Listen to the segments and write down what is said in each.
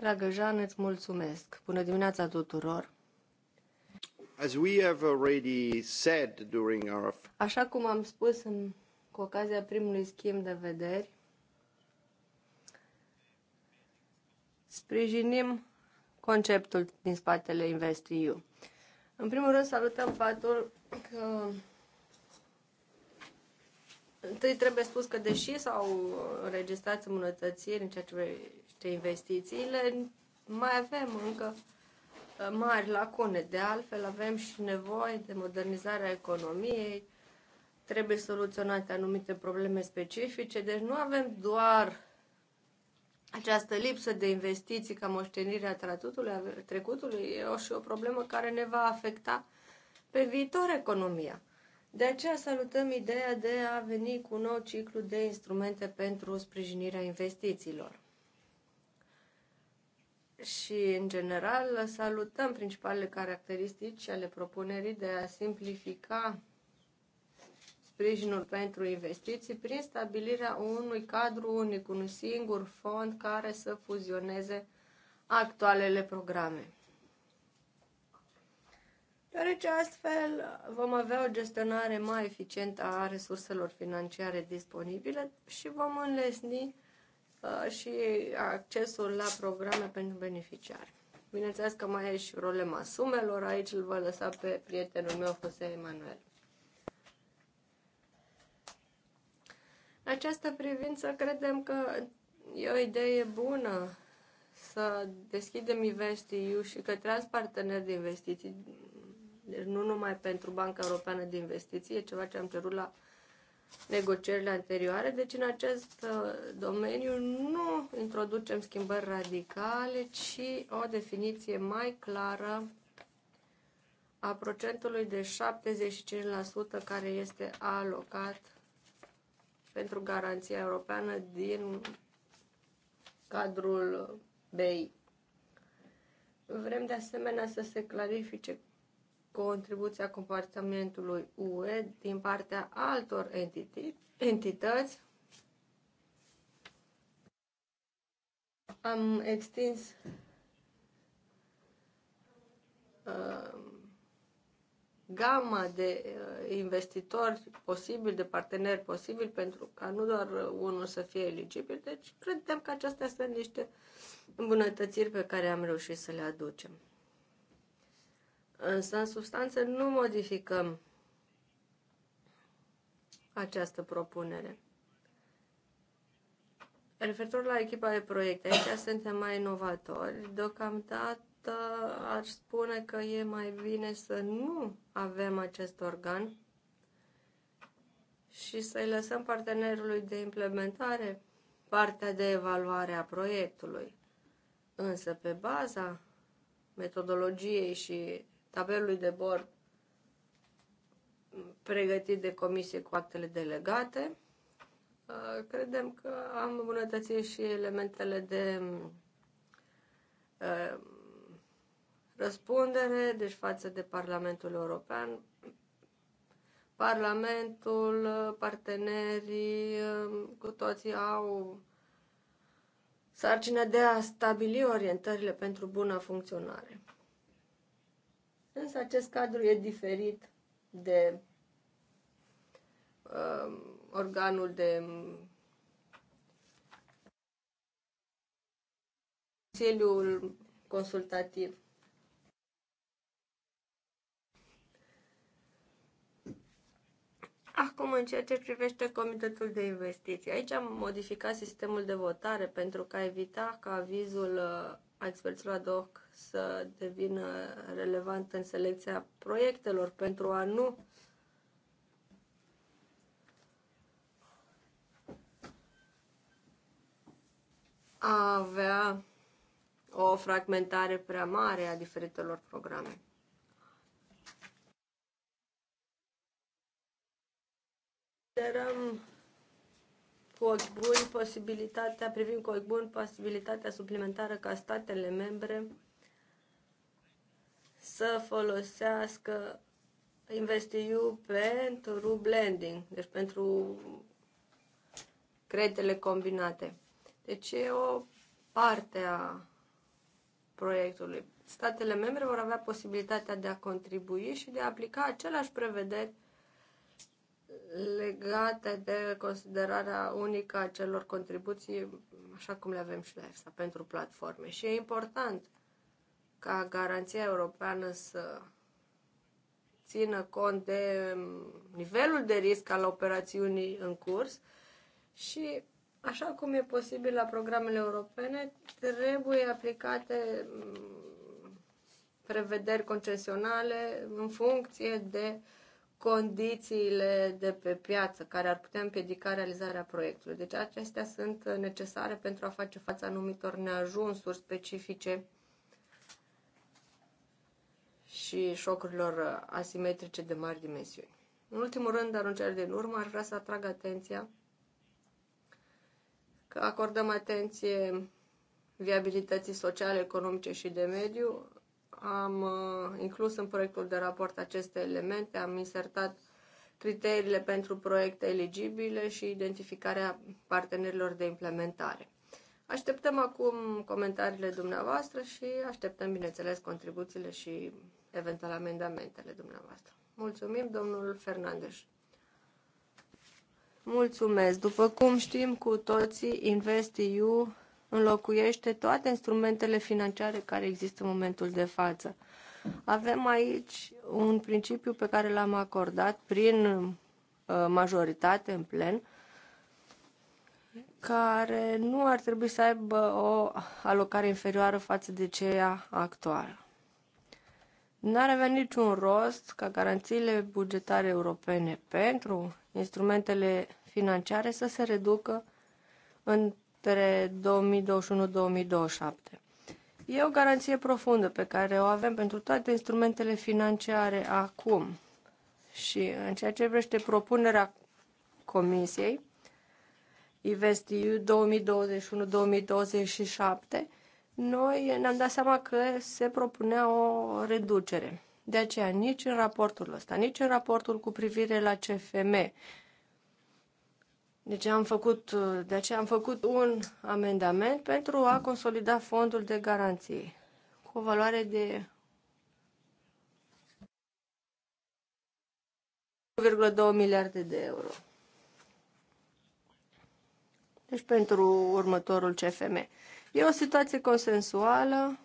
Dragă Jean, îți mulțumesc. Bună dimineața tuturor. As we have already said during our... Așa cum am spus în, cu ocazia primului schimb de vederi, sprijinim conceptul din spatele InvestEU. În primul rând salutăm faptul că Întâi trebuie spus că deși s-au înregistrat îmbunătățiri în ceea ce privește investițiile, mai avem încă uh, mari lacune. De altfel, avem și nevoie de modernizarea economiei, trebuie soluționate anumite probleme specifice, deci nu avem doar această lipsă de investiții ca moștenirea trecutului, e o și o problemă care ne va afecta pe viitor economia. De aceea salutăm ideea de a veni cu un nou ciclu de instrumente pentru sprijinirea investițiilor. Și, în general, salutăm principalele caracteristici ale propunerii de a simplifica sprijinul pentru investiții prin stabilirea unui cadru unic, un singur fond care să fuzioneze actualele programe deoarece astfel uh, vom avea o gestionare mai eficientă a resurselor financiare disponibile și vom înlesni uh, și accesul la programe pentru beneficiari. Bineînțeles că mai e și problema sumelor, aici îl voi lăsa pe prietenul meu, Jose Emanuel. În această privință, credem că e o idee bună să deschidem investiu și către alți parteneri de investiții deci nu numai pentru Banca Europeană de Investiții, e ceva ce am cerut la negocierile anterioare, deci în acest uh, domeniu nu introducem schimbări radicale, ci o definiție mai clară a procentului de 75% care este alocat pentru garanția europeană din cadrul BEI. Vrem de asemenea să se clarifice contribuția compartimentului UE din partea altor entități, am extins uh, gama de uh, investitori posibil, de parteneri posibil, pentru ca nu doar unul să fie eligibil. Deci, credem că acestea sunt niște îmbunătățiri pe care am reușit să le aducem. Însă, în substanță, nu modificăm această propunere. Referitor la echipa de proiecte, aici suntem mai inovatori. Deocamdată aș spune că e mai bine să nu avem acest organ și să-i lăsăm partenerului de implementare partea de evaluare a proiectului. Însă, pe baza metodologiei și tabelului de bord pregătit de comisie cu actele delegate. Uh, credem că am îmbunătățit și elementele de uh, răspundere, deci față de Parlamentul European. Parlamentul, uh, partenerii, cu toții au sarcina de a stabili orientările pentru bună funcționare. Însă acest cadru e diferit de uh, organul de Consiliul Consultativ. Acum, în ceea ce privește Comitetul de Investiții, aici am modificat sistemul de votare pentru ca evita ca avizul uh, a experților doc să devină relevantă în selecția proiectelor pentru a nu a avea o fragmentare prea mare a diferitelor programe. Considerăm cu ochi buni posibilitatea, privind cu ochi buni posibilitatea suplimentară ca statele membre să folosească InvestEU pentru blending, deci pentru creditele combinate. Deci e o parte a proiectului. Statele membre vor avea posibilitatea de a contribui și de a aplica aceleași prevederi legate de considerarea unică a celor contribuții, așa cum le avem și la EFSA, pentru platforme. Și e important ca garanția europeană să țină cont de nivelul de risc al operațiunii în curs și așa cum e posibil la programele europene, trebuie aplicate mm, prevederi concesionale în funcție de uh, condițiile de pe piață care ar putea împiedica realizarea proiectului. Deci acestea sunt necesare pentru a face față anumitor neajunsuri specifice și șocurilor asimetrice de mari dimensiuni. În ultimul rând, dar în cel din urmă, aș vrea să atrag atenția că acordăm atenție viabilității sociale, economice și de mediu am uh, inclus în proiectul de raport aceste elemente, am insertat criteriile pentru proiecte eligibile și identificarea partenerilor de implementare. Așteptăm acum comentariile dumneavoastră și așteptăm, bineînțeles, contribuțiile și eventual amendamentele dumneavoastră. Mulțumim, domnul Fernandez. Mulțumesc. După cum știm cu toții, InvestEU înlocuiește toate instrumentele financiare care există în momentul de față. Avem aici un principiu pe care l-am acordat prin uh, majoritate în plen, care nu ar trebui să aibă o alocare inferioară față de ceea actuală. N-ar avea niciun rost ca garanțiile bugetare europene pentru instrumentele financiare să se reducă în între 2021-2027. E o garanție profundă pe care o avem pentru toate instrumentele financiare acum. Și în ceea ce vrește propunerea Comisiei, InvestEU 2021-2027, noi ne-am dat seama că se propunea o reducere. De aceea, nici în raportul ăsta, nici în raportul cu privire la CFM, deci am făcut, de aceea am făcut un amendament pentru a consolida fondul de garanție cu o valoare de 1,2 miliarde de euro. Deci pentru următorul CFM. E o situație consensuală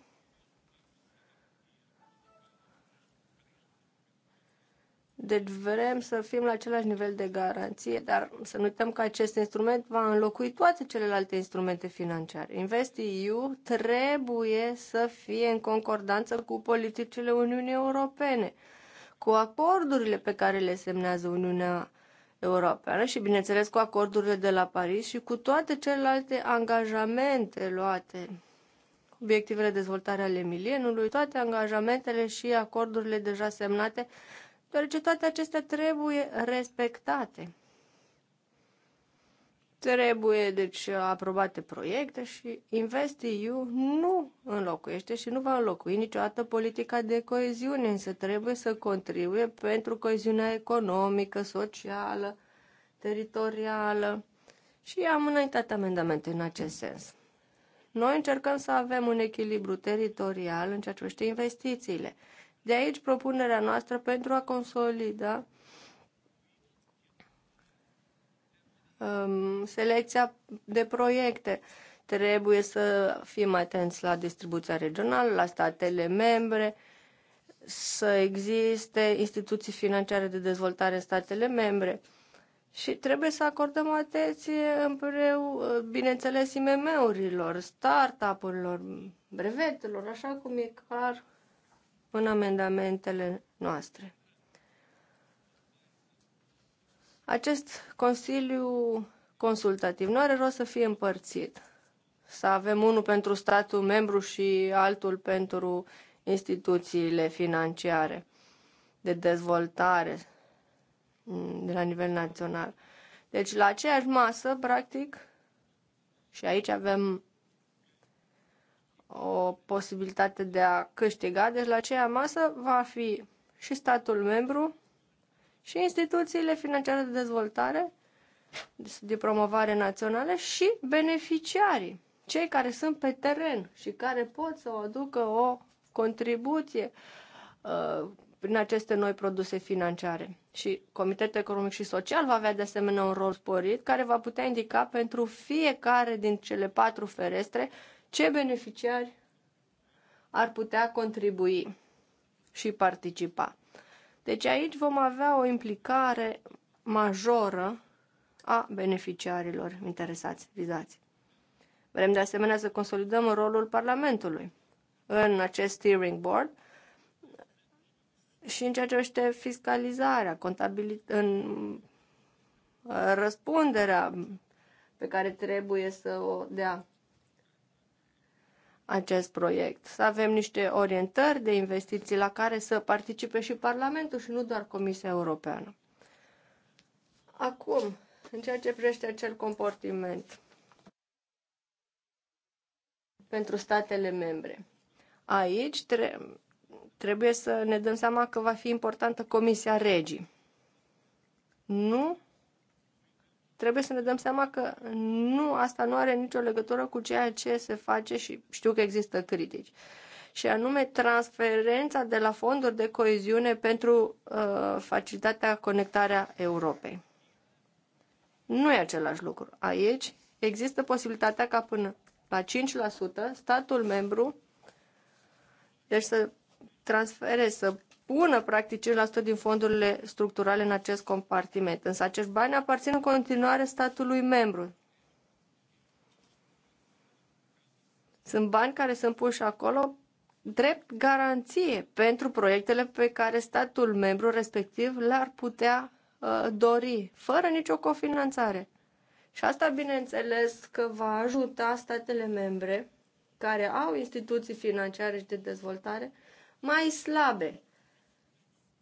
Deci vrem să fim la același nivel de garanție, dar să nu uităm că acest instrument va înlocui toate celelalte instrumente financiare. InvestEU trebuie să fie în concordanță cu politicile Uniunii Europene, cu acordurile pe care le semnează Uniunea Europeană și, bineînțeles, cu acordurile de la Paris și cu toate celelalte angajamente luate obiectivele de dezvoltare ale milienului, toate angajamentele și acordurile deja semnate deoarece toate acestea trebuie respectate. Trebuie, deci, aprobate proiecte și InvestEU nu înlocuiește și nu va înlocui niciodată politica de coeziune, însă trebuie să contribuie pentru coeziunea economică, socială, teritorială și am înaintat amendamente în acest sens. Noi încercăm să avem un echilibru teritorial în ceea ce privește investițiile. De aici propunerea noastră pentru a consolida um, selecția de proiecte. Trebuie să fim atenți la distribuția regională, la statele membre, să existe instituții financiare de dezvoltare în statele membre. Și trebuie să acordăm atenție împreu, bineînțeles, IMM-urilor, start-up-urilor, brevetelor, așa cum e clar în amendamentele noastre. Acest Consiliu Consultativ nu are rost să fie împărțit, să avem unul pentru statul membru și altul pentru instituțiile financiare de dezvoltare de la nivel național. Deci la aceeași masă, practic, și aici avem o posibilitate de a câștiga, deci la aceea masă va fi și statul membru și instituțiile financiare de dezvoltare, deci de promovare națională și beneficiarii, cei care sunt pe teren și care pot să o aducă o contribuție uh, prin aceste noi produse financiare. Și Comitetul Economic și Social va avea de asemenea un rol sporit care va putea indica pentru fiecare din cele patru ferestre uh, ce beneficiari ar putea contribui și participa. Deci aici vom avea o implicare majoră a beneficiarilor interesați, vizați. Vrem de asemenea să consolidăm rolul Parlamentului în acest steering board și în ceea ce este fiscalizarea, contabilit- în uh, răspunderea pe care trebuie să o dea acest proiect, să avem niște orientări de investiții la care să participe și Parlamentul și nu doar Comisia Europeană. Acum, în ceea ce privește acel comportament pentru statele membre, aici tre- trebuie să ne dăm seama că va fi importantă Comisia Regii. Nu trebuie să ne dăm seama că nu, asta nu are nicio legătură cu ceea ce se face și știu că există critici. Și anume transferența de la fonduri de coeziune pentru uh, facilitatea conectarea Europei. Nu e același lucru. Aici există posibilitatea ca până la 5% statul membru deci să transfere, să pună practic 5% din fondurile structurale în acest compartiment. Însă acești bani aparțin în continuare statului membru. Sunt bani care sunt puși acolo drept garanție pentru proiectele pe care statul membru respectiv le-ar putea uh, dori, fără nicio cofinanțare. Și asta, bineînțeles, că va ajuta statele membre care au instituții financiare și de dezvoltare mai slabe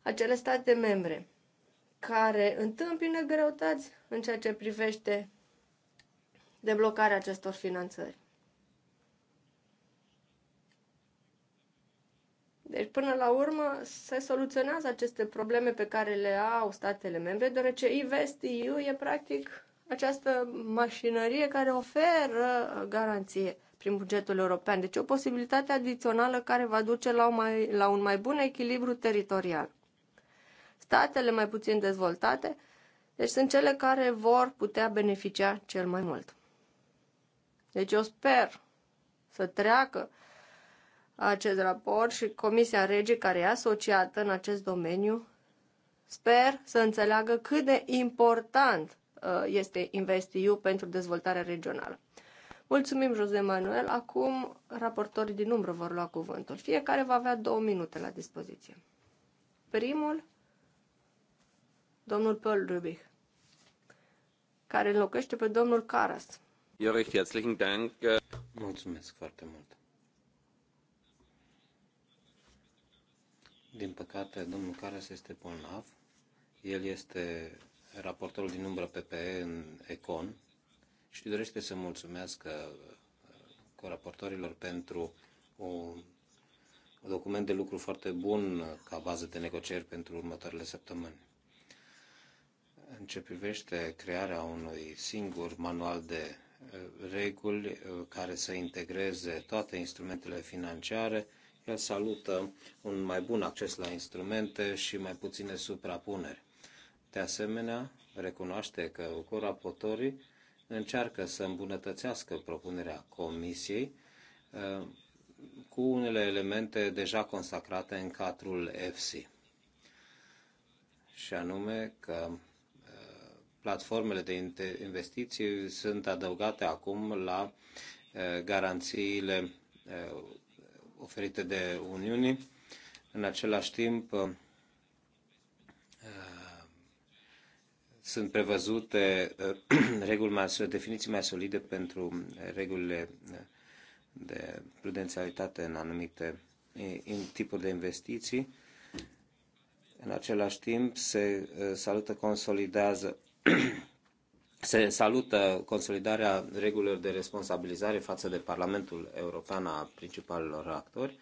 acele state membre care întâmpină greutăți în ceea ce privește deblocarea acestor finanțări. Deci, până la urmă, se soluționează aceste probleme pe care le au statele membre, deoarece InvestEU e practic această mașinărie care oferă garanție prin bugetul european. Deci o posibilitate adițională care va duce la, mai, la un mai bun echilibru teritorial statele mai puțin dezvoltate, deci sunt cele care vor putea beneficia cel mai mult. Deci eu sper să treacă acest raport și Comisia Rege, care e asociată în acest domeniu, sper să înțeleagă cât de important uh, este InvestEU pentru dezvoltarea regională. Mulțumim, Jose Manuel. Acum raportorii din umbră vor lua cuvântul. Fiecare va avea două minute la dispoziție. Primul domnul Paul Rubich, care înlocuiește pe domnul Caras. Eu recht herzlichen Dank. Mulțumesc foarte mult. Din păcate, domnul Caras este bolnav. El este raportorul din umbră PPE în Econ și dorește să mulțumesc uh, raportorilor pentru un document de lucru foarte bun ca bază de negocieri pentru următoarele săptămâni în ce privește crearea unui singur manual de eh, reguli eh, care să integreze toate instrumentele financiare, el salută un mai bun acces la instrumente și mai puține suprapuneri. De asemenea, recunoaște că coraportorii încearcă să îmbunătățească propunerea Comisiei eh, cu unele elemente deja consacrate în cadrul EFSI, și anume că platformele de investiții sunt adăugate acum la uh, garanțiile uh, oferite de Uniune. În același timp, uh, sunt prevăzute reguli mai, definiții mai solide pentru regulile de prudențialitate în anumite în tipuri de investiții. În același timp, se salută, consolidează se salută consolidarea regulilor de responsabilizare față de Parlamentul European a principalilor actori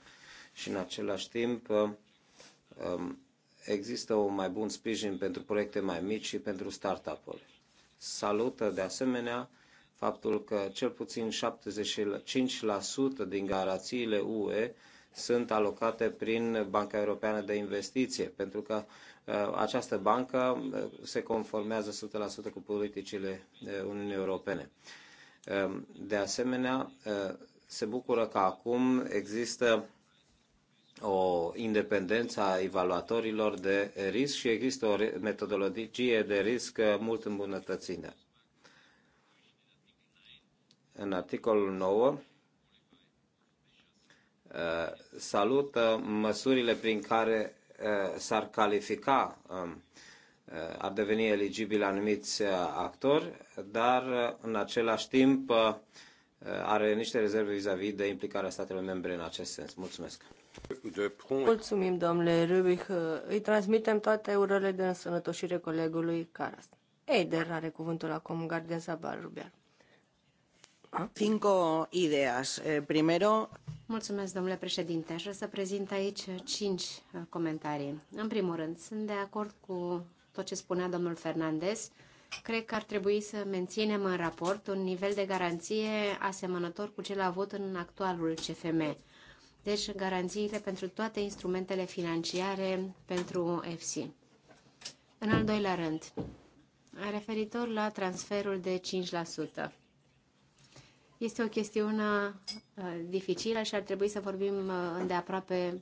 și în același timp um, există un mai bun sprijin pentru proiecte mai mici și pentru startup-uri. Salută de asemenea faptul că cel puțin 75% din garanțiile UE sunt alocate prin Banca Europeană de Investiție, pentru că Uh, această bancă uh, se conformează 100% cu politicile uh, Uniunii Europene. De asemenea, se bucură că acum există o independență a evaluatorilor de risc și există o metodologie de risc mult îmbunătățită. În articolul 9 salută măsurile prin care Uh, s-ar califica, um, uh, ar deveni eligibil anumiți uh, actori, dar în același timp are niște rezerve vis-a-vis -vis de implicarea statelor membre în acest sens. Mulțumesc! Mulțumim, domnule Rubic. Îi transmitem toate urările de însănătoșire colegului Caras. Eider are cuvântul acum, Gardia Zabar Rubiar. Cinco eh, Primero... Mulțumesc, domnule președinte. Aș vrea să prezint aici cinci eh, comentarii. În primul rând, sunt de acord cu tot ce spunea domnul Fernandez. Cred că ar trebui să menținem în raport un nivel de garanție asemănător cu cel avut în actualul CFM. Deci, garanțiile pentru toate instrumentele financiare pentru EFSI. În al doilea rând, referitor la transferul de 5%. Este o chestiune uh, dificilă și ar trebui să vorbim uh, îndeaproape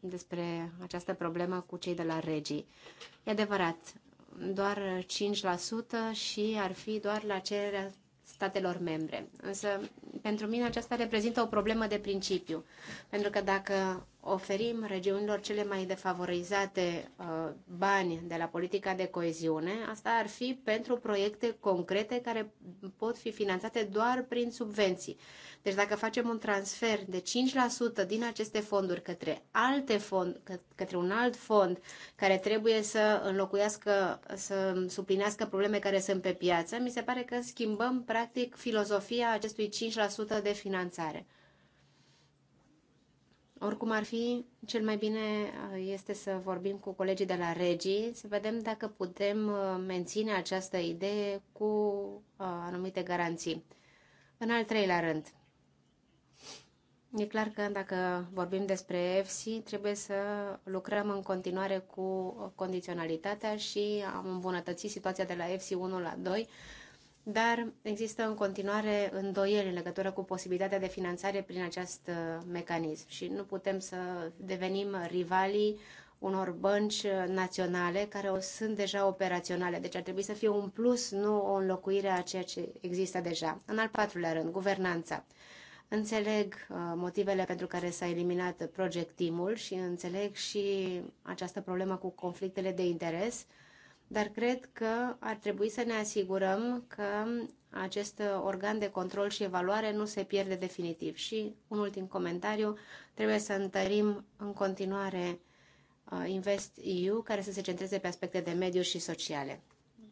despre această problemă cu cei de la regii. E adevărat, doar 5% și ar fi doar la cererea statelor membre. Însă, pentru mine aceasta reprezintă o problemă de principiu, pentru că dacă oferim regiunilor cele mai defavorizate uh, bani de la politica de coeziune, asta ar fi pentru proiecte concrete care pot fi finanțate doar prin subvenții. Deci dacă facem un transfer de 5% din aceste fonduri către alte fond, către un alt fond care trebuie să înlocuiască, să suplinească probleme care sunt pe piață, mi se pare că schimbăm practic filozofia acestui 5% de finanțare. Oricum ar fi, cel mai bine uh, este să vorbim cu colegii de la Regii, să vedem dacă putem uh, menține această idee cu uh, anumite garanții. În al treilea rând, e clar că dacă vorbim despre EFSI, trebuie să lucrăm în continuare cu condiționalitatea și am îmbunătățit situația de la EFSI 1 la 2, dar există în continuare îndoieli în legătură cu posibilitatea de finanțare prin acest uh, mecanism și nu putem să devenim rivalii unor bănci uh, naționale care o sunt deja operaționale. Deci ar trebui să fie un plus, nu o înlocuire a ceea ce există deja. În al patrulea rând, guvernanța. Înțeleg uh, motivele pentru care s-a eliminat project și înțeleg și această problemă cu conflictele de interes, dar cred că ar trebui să ne asigurăm că acest organ de control și evaluare nu se pierde definitiv. Și un ultim comentariu, trebuie să întărim în continuare uh, Invest EU, care să se centreze pe aspecte de mediu și sociale.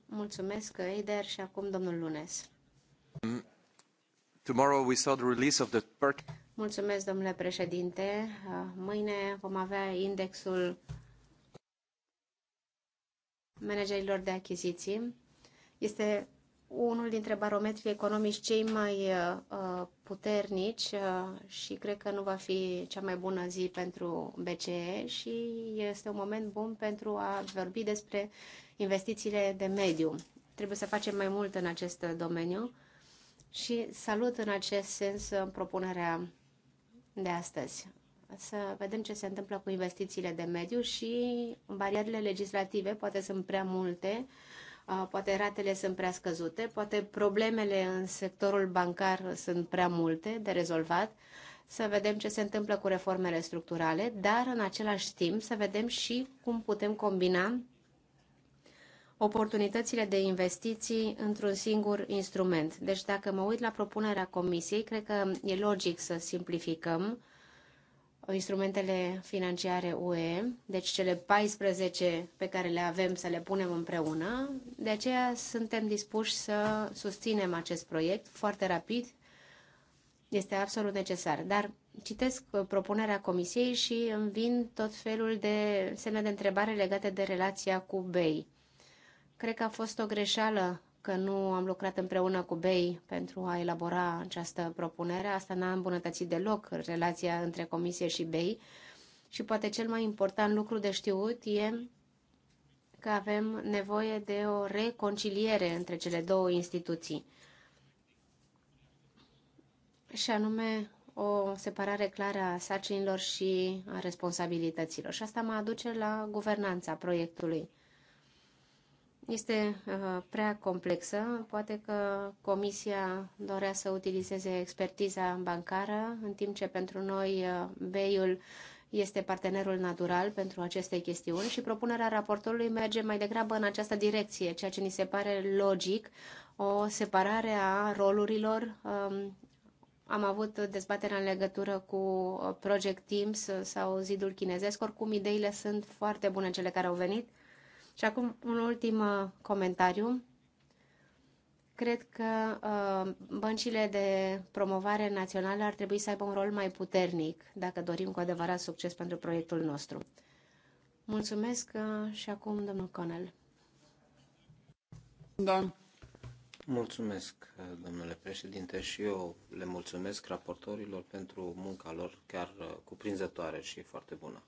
Mulțumesc, Eider, și acum domnul Lunes. Mm, tomorrow we saw the release of the Mulțumesc, domnule președinte. Uh, mâine vom avea indexul managerilor de achiziții. Este unul dintre barometrii economici cei mai uh, puternici uh, și cred că nu va fi cea mai bună zi pentru BCE și este un moment bun pentru a vorbi despre investițiile de mediu. Trebuie să facem mai mult în acest domeniu și salut în acest sens uh, propunerea de astăzi să vedem ce se întâmplă cu investițiile de mediu și barierele legislative, poate sunt prea multe, uh, poate ratele sunt prea scăzute, poate problemele în sectorul bancar sunt prea multe de rezolvat, să vedem ce se întâmplă cu reformele structurale, dar în același timp să vedem și cum putem combina oportunitățile de investiții într-un singur instrument. Deci dacă mă uit la propunerea comisiei, cred că e logic să simplificăm instrumentele financiare UE, deci cele 14 pe care le avem să le punem împreună. De aceea suntem dispuși să susținem acest proiect foarte rapid. Este absolut necesar. Dar citesc uh, propunerea Comisiei și îmi vin tot felul de semne de întrebare legate de relația cu BEI. Cred că a fost o greșeală că nu am lucrat împreună cu BEI pentru a elabora această propunere. Asta n-a îmbunătățit deloc relația între Comisie și BEI. Și poate cel mai important lucru de știut e că avem nevoie de o reconciliere între cele două instituții. Și anume o separare clară a sarcinilor și a responsabilităților. Și asta mă aduce la guvernanța proiectului este uh, prea complexă. Poate că Comisia dorea să utilizeze expertiza bancară, în timp ce pentru noi BEI-ul uh, este partenerul natural pentru aceste chestiuni și propunerea raportorului merge mai degrabă în această direcție, ceea ce ni se pare logic, o separare a rolurilor. Um, am avut dezbaterea în legătură cu uh, Project Teams sau zidul chinezesc. Oricum, ideile sunt foarte bune cele care au venit și acum un ultim uh, comentariu. Cred că uh, băncile de promovare națională ar trebui să aibă un rol mai puternic dacă dorim cu adevărat succes pentru proiectul nostru. Mulțumesc uh, și acum domnul Conel. Da. Mulțumesc, uh, domnule președinte, și eu le mulțumesc raportorilor pentru munca lor chiar cuprinzătoare și foarte bună.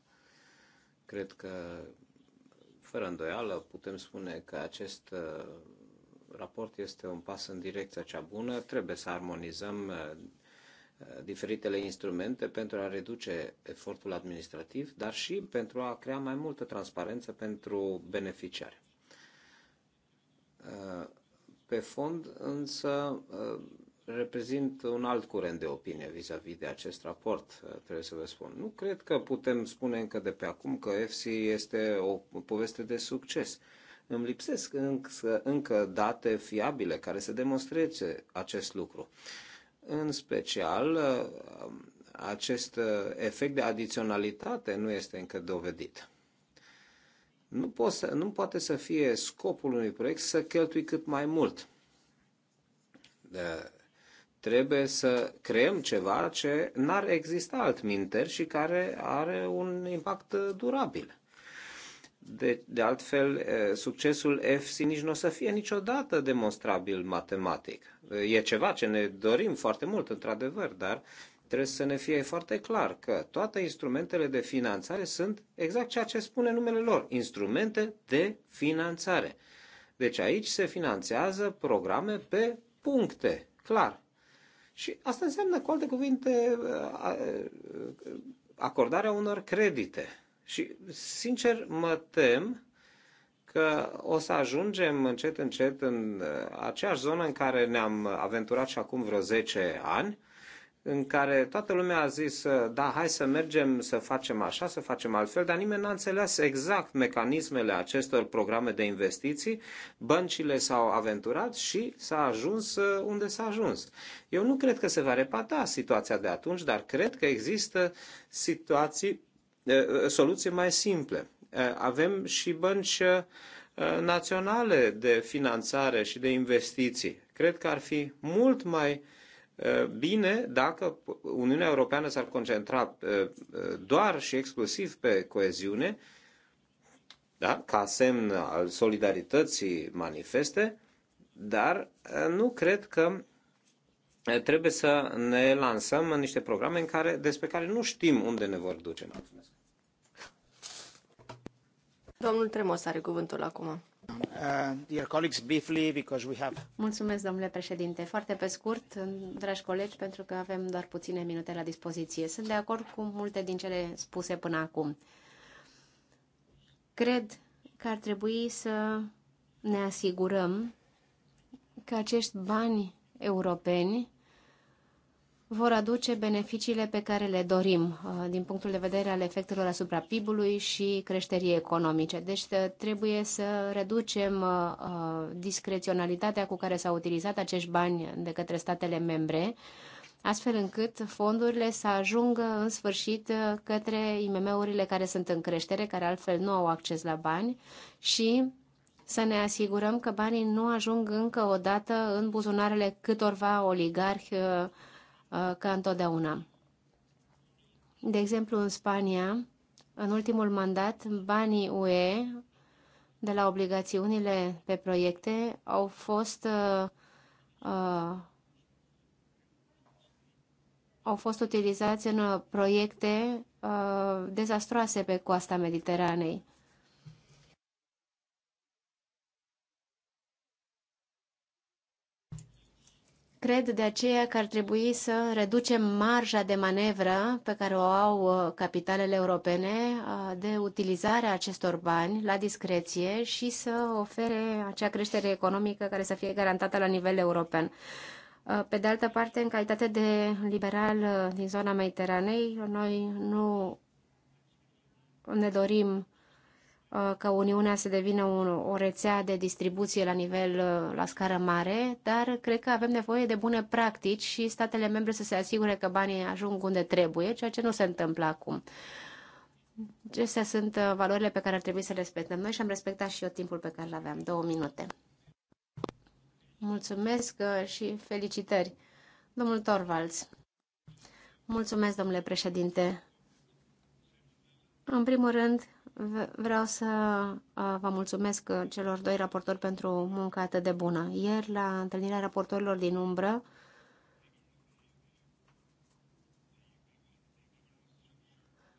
Cred că fără îndoială putem spune că acest uh, raport este un pas în direcția cea bună. Trebuie să armonizăm uh, diferitele instrumente pentru a reduce efortul administrativ, dar și pentru a crea mai multă transparență pentru beneficiari. Uh, pe fond, însă, reprezint un alt curent de opinie vis-a-vis -vis de acest raport, uh, trebuie să vă spun. Nu cred că putem spune încă de pe acum că FC este o poveste de succes. Îmi lipsesc încă, încă date fiabile care să demonstreze acest lucru. În special, uh, acest uh, efect de adiționalitate nu este încă dovedit. Nu, să, nu poate să fie scopul unui proiect să cheltui cât mai mult. De, Trebuie să creăm ceva ce n-ar exista altminteri și care are un impact durabil. De, de altfel, succesul FC nici nu o să fie niciodată demonstrabil matematic. E ceva ce ne dorim foarte mult, într-adevăr, dar trebuie să ne fie foarte clar că toate instrumentele de finanțare sunt exact ceea ce spune numele lor, instrumente de finanțare. Deci aici se finanțează programe pe puncte, clar. Și asta înseamnă, cu alte cuvinte, acordarea unor credite. Și, sincer, mă tem că o să ajungem încet, încet în uh, aceeași zonă în care ne-am aventurat și acum vreo 10 ani, în care toată lumea a zis, ă, da, hai să mergem să facem așa, să facem altfel, dar nimeni n-a înțeles exact mecanismele acestor programe de investiții, băncile s-au aventurat și s-a ajuns ă, unde s-a ajuns. Eu nu cred că se va repata situația de atunci, dar cred că există situații, ă, soluții mai simple. Avem și bănci naționale de finanțare și de investiții. Cred că ar fi mult mai uh, bine dacă Uniunea Europeană s-ar concentra doar și exclusiv pe coeziune, da? ca semn al solidarității manifeste, dar nu cred că trebuie să ne lansăm în niște programe în care, despre care nu știm unde ne vor duce. Mulțumesc. Domnul Tremos are cuvântul acum. Uh, Mulțumesc, domnule președinte. Foarte pe scurt, dragi colegi, pentru că avem doar puține minute la dispoziție. Sunt de acord cu multe din cele spuse până acum. Cred că ar trebui să ne asigurăm că acești bani europeni vor aduce beneficiile pe care le dorim uh, din punctul de vedere al efectelor asupra PIB-ului și creșterii economice. Deci uh, trebuie să reducem uh, discreționalitatea cu care s-au utilizat acești bani de către statele membre, astfel încât fondurile să ajungă în sfârșit către IMM-urile care sunt în creștere, care altfel nu au acces la bani și să ne asigurăm că banii nu ajung încă o dată în buzunarele câtorva oligarhi Uh, ca întotdeauna. De exemplu, în Spania, în ultimul mandat, banii UE de la obligațiunile pe proiecte au fost uh, uh, au fost utilizați în proiecte uh, dezastroase pe coasta Mediteranei. Cred de aceea că ar trebui să reducem marja de manevră pe care o au uh, capitalele europene uh, de utilizarea acestor bani la discreție și să ofere acea creștere economică care să fie garantată la nivel european. Uh, pe de altă parte, în calitate de liberal din zona Mediteranei, noi nu ne dorim Uh, ca Uniunea să devină un, o rețea de distribuție la nivel, uh, la scară mare, dar cred că avem nevoie de bune practici și statele membre să se asigure că banii ajung unde trebuie, ceea ce nu se întâmplă acum. Acestea sunt uh, valorile pe care ar trebui să le respectăm noi și am respectat și eu timpul pe care l-aveam, două minute. Mulțumesc și felicitări. Domnul Torvalds. Mulțumesc, domnule președinte. În primul rând, Vreau să uh, vă mulțumesc uh, celor doi raportori pentru munca atât de bună. Ieri, la întâlnirea raportorilor din umbră,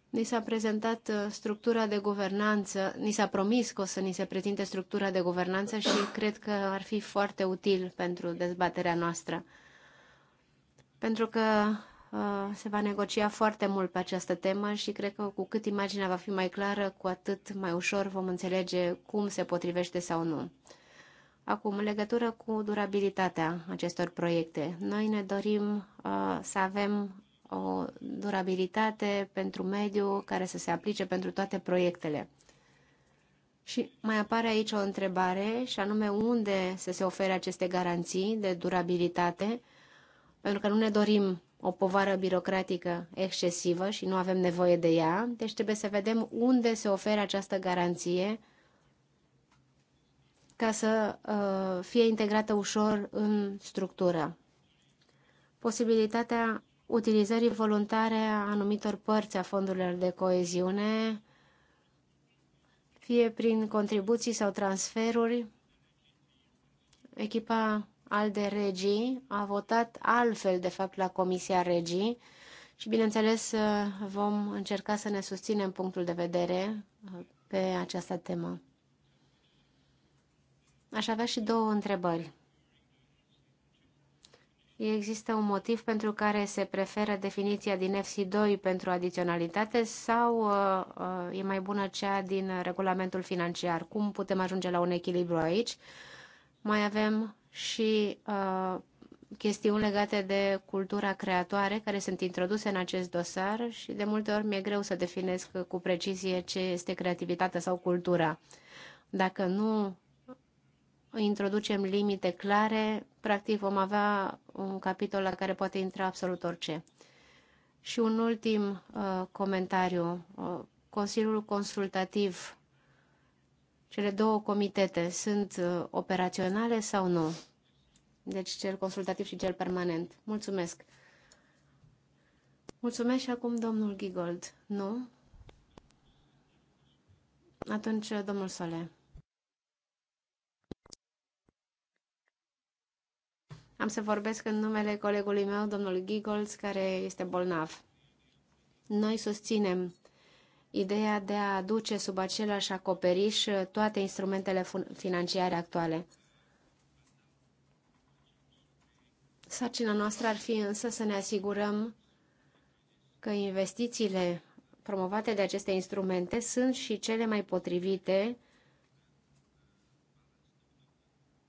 Ni s-a prezentat uh, structura de guvernanță, ni s-a promis că o să ni se prezinte structura de guvernanță și cred că ar fi foarte util pentru dezbaterea noastră. Pentru că Uh, se va negocia foarte mult pe această temă și cred că cu cât imaginea va fi mai clară, cu atât mai ușor vom înțelege cum se potrivește sau nu. Acum, în legătură cu durabilitatea acestor proiecte, noi ne dorim uh, să avem o durabilitate pentru mediu care să se aplice pentru toate proiectele. Și mai apare aici o întrebare, și anume unde să se ofere aceste garanții de durabilitate, pentru că nu ne dorim o povară birocratică excesivă și nu avem nevoie de ea, deci trebuie să vedem unde se oferă această garanție ca să uh, fie integrată ușor în structură. Posibilitatea utilizării voluntare a anumitor părți a fondurilor de coeziune, fie prin contribuții sau transferuri, echipa al de regii a votat altfel, de fapt, la Comisia Regii și, bineînțeles, vom încerca să ne susținem punctul de vedere uh, pe această temă. Aș avea și două întrebări. Există un motiv pentru care se preferă definiția din FC2 pentru adiționalitate sau uh, uh, e mai bună cea din regulamentul financiar? Cum putem ajunge la un echilibru aici? Mai avem și uh, chestiuni legate de cultura creatoare care sunt introduse în acest dosar și de multe ori mi-e greu să definesc cu precizie ce este creativitatea sau cultura. Dacă nu introducem limite clare, practic vom avea un capitol la care poate intra absolut orice. Și un ultim uh, comentariu. Uh, Consiliul consultativ, cele două comitete, sunt uh, operaționale sau nu? deci cel consultativ și cel permanent. Mulțumesc! Mulțumesc și acum domnul Gigold, nu? Atunci domnul Sole. Am să vorbesc în numele colegului meu, domnul Giggles, care este bolnav. Noi susținem ideea de a aduce sub același acoperiș toate instrumentele financiare actuale. Sarcina noastră ar fi însă să ne asigurăm că investițiile promovate de aceste instrumente sunt și cele mai potrivite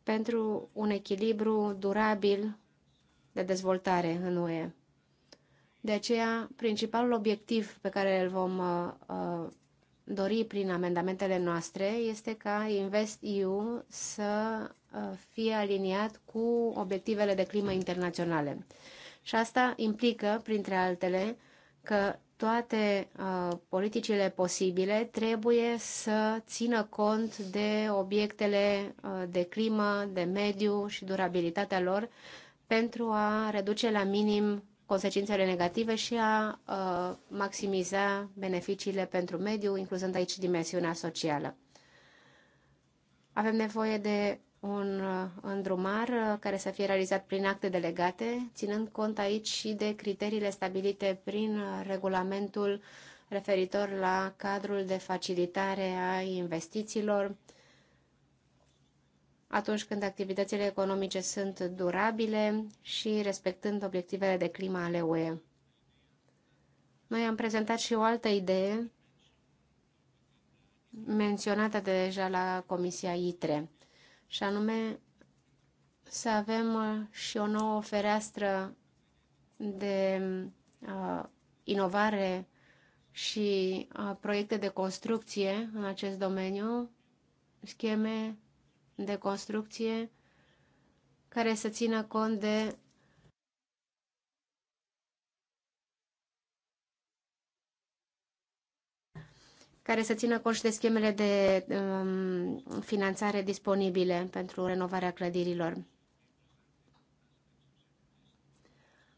pentru un echilibru durabil de dezvoltare în UE. De aceea, principalul obiectiv pe care îl vom uh, uh dori prin amendamentele noastre este ca InvestEU să fie aliniat cu obiectivele de climă internaționale. Și asta implică, printre altele, că toate uh, politicile posibile trebuie să țină cont de obiectele uh, de climă, de mediu și durabilitatea lor pentru a reduce la minim consecințele negative și a uh, maximiza beneficiile pentru mediu, incluzând aici dimensiunea socială. Avem nevoie de un uh, îndrumar uh, care să fie realizat prin acte delegate, ținând cont aici și de criteriile stabilite prin uh, regulamentul referitor la cadrul de facilitare a investițiilor atunci când activitățile economice sunt durabile și respectând obiectivele de clima ale UE. Noi am prezentat și o altă idee menționată deja la Comisia ITRE și anume să avem uh, și o nouă fereastră de uh, inovare și uh, proiecte de construcție în acest domeniu, scheme de construcție care să țină cont de care să țină cont și de schemele de um, finanțare disponibile pentru renovarea clădirilor.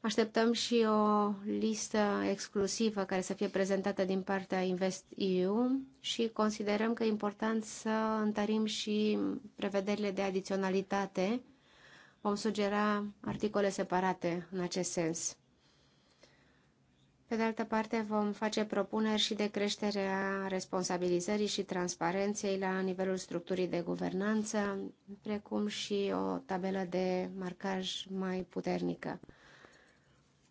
Așteptăm și o listă exclusivă care să fie prezentată din partea InvestEU și considerăm că e important să întărim și prevederile de adiționalitate. Vom sugera articole separate în acest sens. Pe de altă parte, vom face propuneri și de creștere a responsabilizării și transparenței la nivelul structurii de guvernanță, precum și o tabelă de marcaj mai puternică.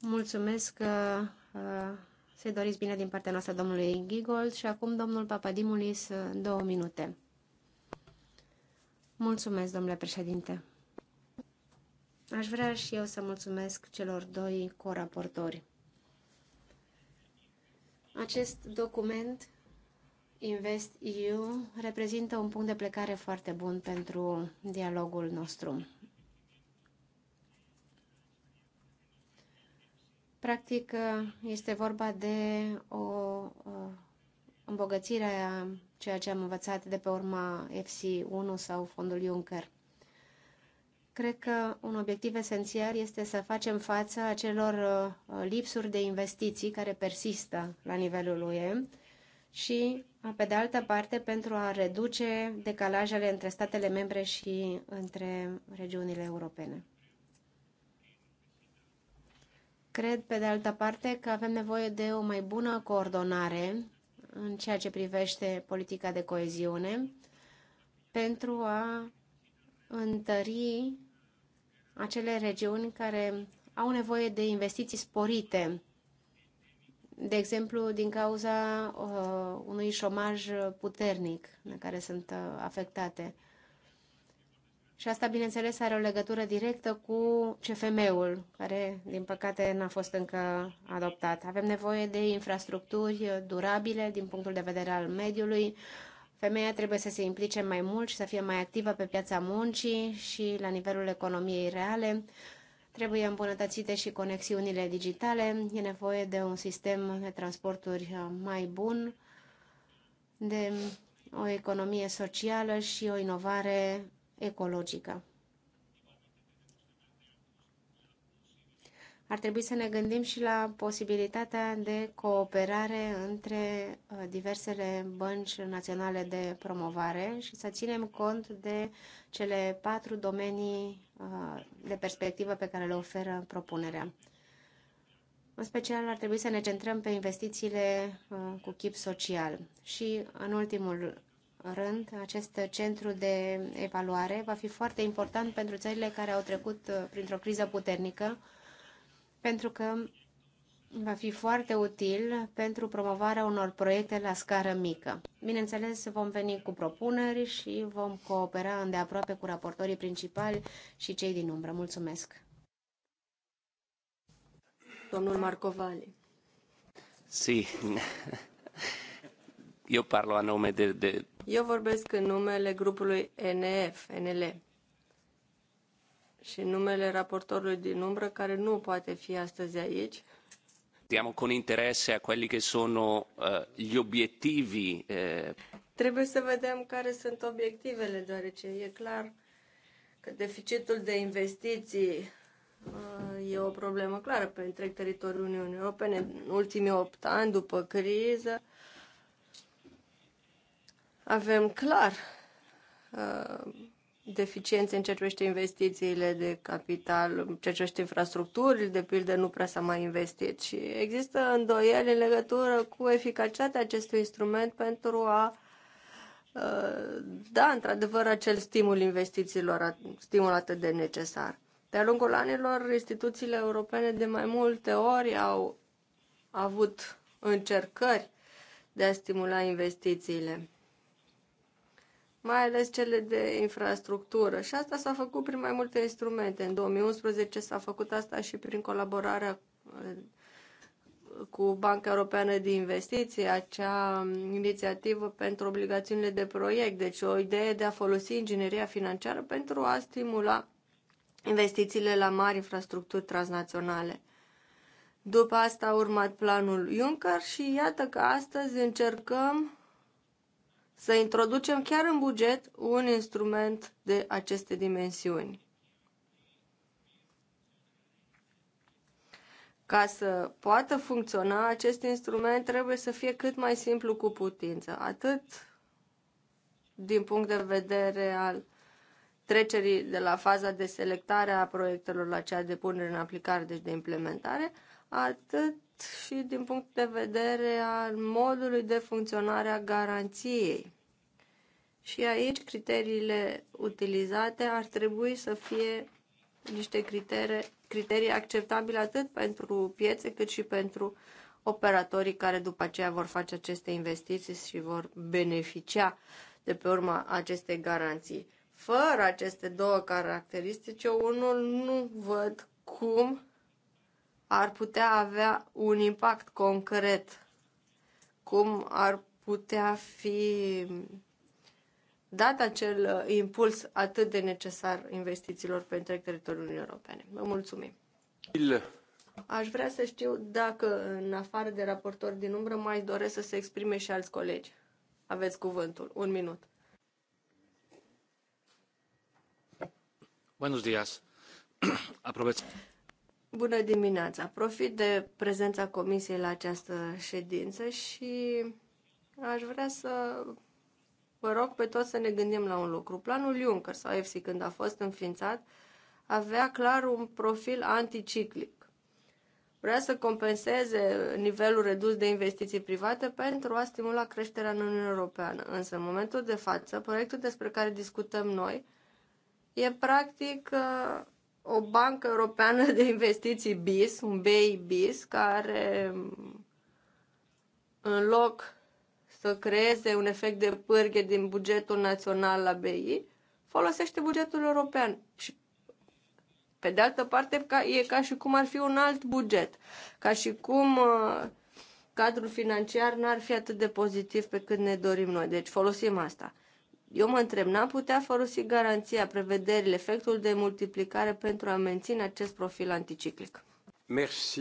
Mulțumesc că uh, uh, se doriți bine din partea noastră domnului Gigold și acum domnul Papadimulis, uh, două minute. Mulțumesc, domnule președinte. Aș vrea și eu să mulțumesc celor doi coraportori. Acest document Invest EU reprezintă un punct de plecare foarte bun pentru dialogul nostru. Practic, este vorba de o îmbogățire a ceea ce am învățat de pe urma FC1 sau fondul Juncker. Cred că un obiectiv esențial este să facem față acelor uh, lipsuri de investiții care persistă la nivelul UE și, pe de altă parte, pentru a reduce decalajele între statele membre și între regiunile europene. Cred, pe de altă parte, că avem nevoie de o mai bună coordonare în ceea ce privește politica de coeziune pentru a întări acele regiuni care au nevoie de investiții sporite, de exemplu, din cauza uh, unui șomaj puternic în care sunt uh, afectate. Și asta, bineînțeles, are o legătură directă cu CFM-ul, care, din păcate, n-a fost încă adoptat. Avem nevoie de infrastructuri uh, durabile din punctul de vedere al mediului, uh, Femeia trebuie să se implice mai mult și să fie mai activă pe piața muncii și la nivelul economiei reale. Trebuie îmbunătățite și conexiunile digitale. E nevoie de un sistem de transporturi uh, mai bun, de o economie socială și o inovare ecologică. ar trebui să ne gândim și la posibilitatea de cooperare între uh, diversele bănci naționale de promovare și să ținem cont de cele patru domenii uh, de perspectivă pe care le oferă propunerea. În special ar trebui să ne centrăm pe investițiile uh, cu chip social și, în ultimul rând, acest centru de evaluare va fi foarte important pentru țările care au trecut printr-o criză puternică, pentru că va fi foarte util pentru promovarea unor proiecte la scară mică. Bineînțeles, vom veni cu propuneri și vom coopera îndeaproape cu raportorii principali și cei din umbră. Mulțumesc! Domnul Marcovali. Si. Eu parlo a de, de... Eu vorbesc în numele grupului NF, NL și numele raportorului din umbră, care nu poate fi astăzi aici. Diamo con interesse a quelli che sono uh, gli obiettivi. Eh. Trebuie să vedem care sunt obiectivele, deoarece e clar că deficitul de investiții uh, e o problemă clară pe întreg teritoriul Uniunii Europene în ultimii opt ani după criză. Avem clar uh, deficiențe în ce privește investițiile de capital, în ce privește infrastructurile, de pildă, nu prea s-a mai investit și există îndoieli în legătură cu eficacitatea acestui instrument pentru a ă, da, într-adevăr, acel stimul investițiilor, stimul atât de necesar. De-a lungul anilor, instituțiile europene de mai multe ori au avut încercări de a stimula investițiile mai ales cele de infrastructură. Și asta s-a făcut prin mai multe instrumente. În 2011 s-a făcut asta și prin colaborarea eh, cu Banca Europeană de Investiții, acea mm, inițiativă pentru obligațiunile de proiect, deci o idee de a folosi ingineria financiară pentru a stimula investițiile la mari infrastructuri transnaționale. După asta a urmat planul Juncker și iată că astăzi încercăm să introducem chiar în buget un instrument de aceste dimensiuni. Ca să poată funcționa, acest instrument trebuie să fie cât mai simplu cu putință, atât din punct de vedere al trecerii de la faza de selectare a proiectelor la cea de punere în aplicare, deci de implementare, atât și din punct de vedere al modului de funcționare a garanției. Și aici criteriile utilizate ar trebui să fie niște criterii, criterii acceptabile atât pentru piețe cât și pentru operatorii care după aceea vor face aceste investiții și vor beneficia de pe urma acestei garanții. Fără aceste două caracteristici, eu unul nu văd cum ar putea avea un impact concret, cum ar putea fi dat acel impuls atât de necesar investițiilor pe întreg teritoriul Uniunii Europene. Vă mulțumim! Il. Aș vrea să știu dacă, în afară de raportor din umbră, mai doresc să se exprime și alți colegi. Aveți cuvântul. Un minut. Buenos dias. Aproveț. Bună dimineața! Profit de prezența Comisiei la această ședință și aș vrea să vă rog pe toți să ne gândim la un lucru. Planul Juncker sau EFSI, când a fost înființat, avea clar un profil anticiclic. Vrea să compenseze nivelul redus de investiții private pentru a stimula creșterea în Uniunea Europeană. Însă, în momentul de față, proiectul despre care discutăm noi e practic uh, o bancă europeană de investiții BIS, un BEI BIS, care în loc să creeze un efect de pârghe din bugetul național la BI, folosește bugetul european. Și pe de altă parte, e ca și cum ar fi un alt buget, ca și cum uh, cadrul financiar n-ar fi atât de pozitiv pe cât ne dorim noi. Deci folosim asta eu mă întreb, n-am putea folosi garanția, prevederile, efectul de multiplicare pentru a menține acest profil anticiclic? Merci.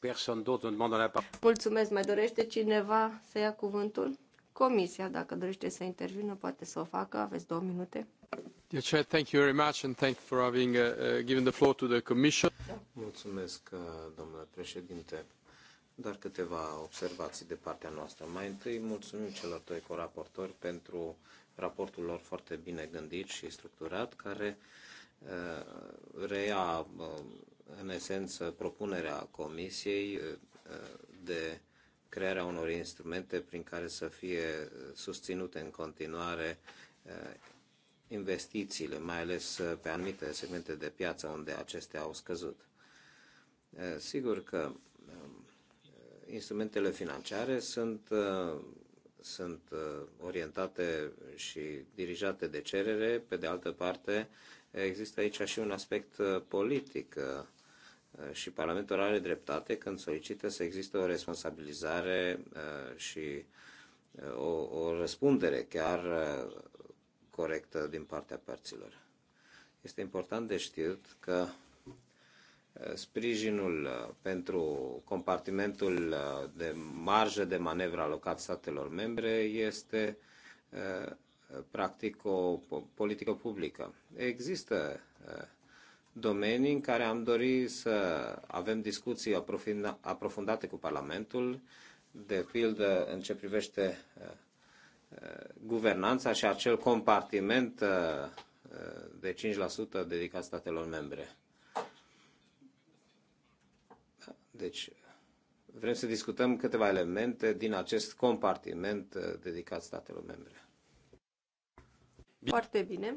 Personne d'autre ne demande la parole. Mulțumesc. Mai dorește cineva să ia cuvântul? Comisia, dacă dorește să intervină, poate să o facă. Aveți două minute. Dear Chair, thank you very much and thank for having uh, uh, given the floor to the Commission. Mulțumesc, uh, domnule președinte. Dar câteva observații de partea noastră. Mai întâi, mulțumim celor doi coraportori pentru raportul lor foarte bine gândit și structurat, care uh, reia uh, în esență propunerea Comisiei uh, de crearea unor instrumente prin care să fie susținute în continuare investițiile, mai ales pe anumite segmente de piață unde acestea au scăzut. Sigur că um, instrumentele financiare sunt sunt uh, orientate și dirijate de cerere, pe de altă parte există aici și un aspect uh, politic uh, și Parlamentul are dreptate când solicită să există o responsabilizare și o, o răspundere chiar corectă din partea părților. Este important de știut că sprijinul uh, pentru compartimentul uh, de marjă de manevră alocat statelor membre este uh, practic o politică publică. Există domenii în care am dorit să avem discuții aprofundate cu Parlamentul, de pildă în ce privește guvernanța și acel compartiment de 5% dedicat statelor membre. Deci, vrem să discutăm câteva elemente din acest compartiment uh, dedicat statelor membre. Foarte bine.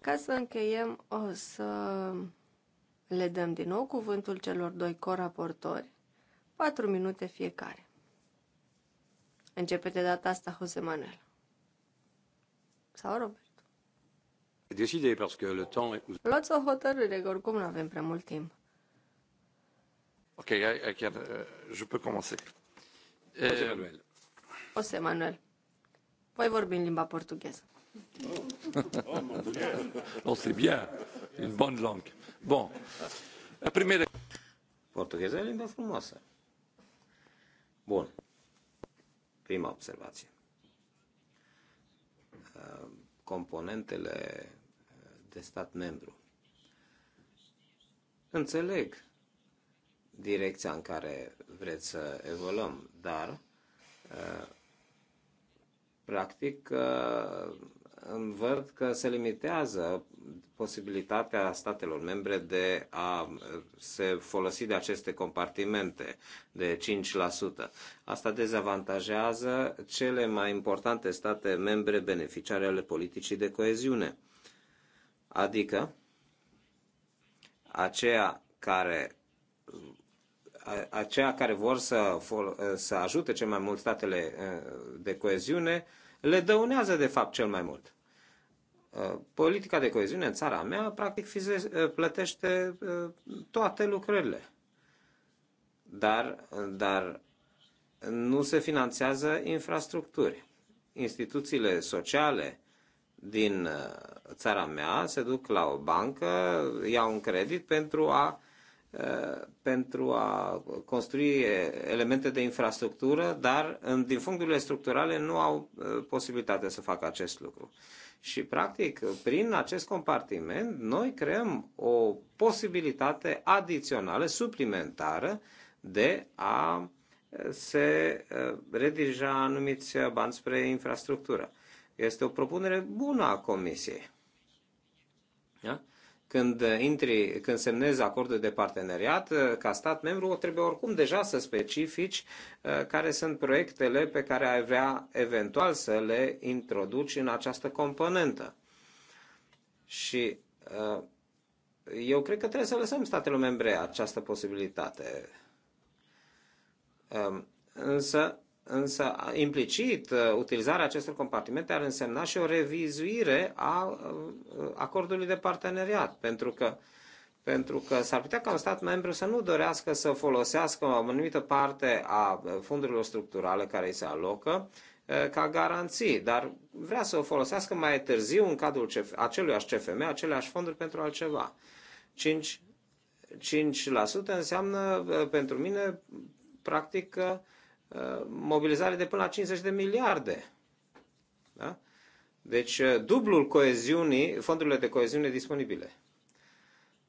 Ca să încheiem, o să le dăm din nou cuvântul celor doi coraportori, patru minute fiecare. Începe de data asta Jose Manuel. Sau Robert. Decide, pentru că le temps... Luați o hotărâre, că oricum nu avem prea mult timp. Ok, I, I can, uh, je peux commencer. José euh, Manuel. José Manuel. Voi vorbi în limba portugheză. Oh, oh, oh c'est bien. Une bonne langue. Bun. La primera... Portugheza e limba frumoasă. Bun. Prima observație. Uh, componentele uh, de stat membru. Înțeleg direcția în care vreți să evoluăm, dar uh, practic uh, îmi văd că se limitează posibilitatea statelor membre de a uh, se folosi de aceste compartimente de 5%. Asta dezavantajează cele mai importante state membre beneficiare ale politicii de coeziune, adică aceea care aceia care vor să, eh, să ajute cel mai mult statele eh, de coeziune, le dăunează de fapt cel mai mult. Eh, politica de coeziune în țara mea, practic, plătește toate lucrările. Dar, dar nu se finanțează infrastructuri. Instituțiile sociale din țara mea se duc la o bancă, iau un credit pentru a Uh, pentru a construi elemente de infrastructură, dar din fondurile structurale nu au uh, posibilitatea să facă acest lucru. Și, practic, prin acest compartiment, noi creăm o posibilitate adițională, suplimentară, de a uh, se redirija anumiți bani spre infrastructură. Este o propunere bună a Comisiei. Da? Când, eh, intri, când semnezi acordul de parteneriat, eh, ca stat membru, trebuie oricum deja să specifici eh, care sunt proiectele pe care ai vrea eventual să le introduci în această componentă. Și eu cred că trebuie să lăsăm statele membre această posibilitate. Ehm, însă, Însă, implicit, uh, utilizarea acestor compartimente ar însemna și o revizuire a uh, acordului de parteneriat, pentru că pentru că s-ar putea ca un stat membru să nu dorească să folosească o anumită parte a uh, fondurilor structurale care îi se alocă ca garanții, dar vrea să o folosească mai târziu în cadrul CF, aceluiași CFM, aceleași fonduri pentru altceva. 5, 5% înseamnă pentru mine practic mobilizare de până la 50 de miliarde. Da? Deci uh, dublul coeziunii, fondurile de coeziune disponibile.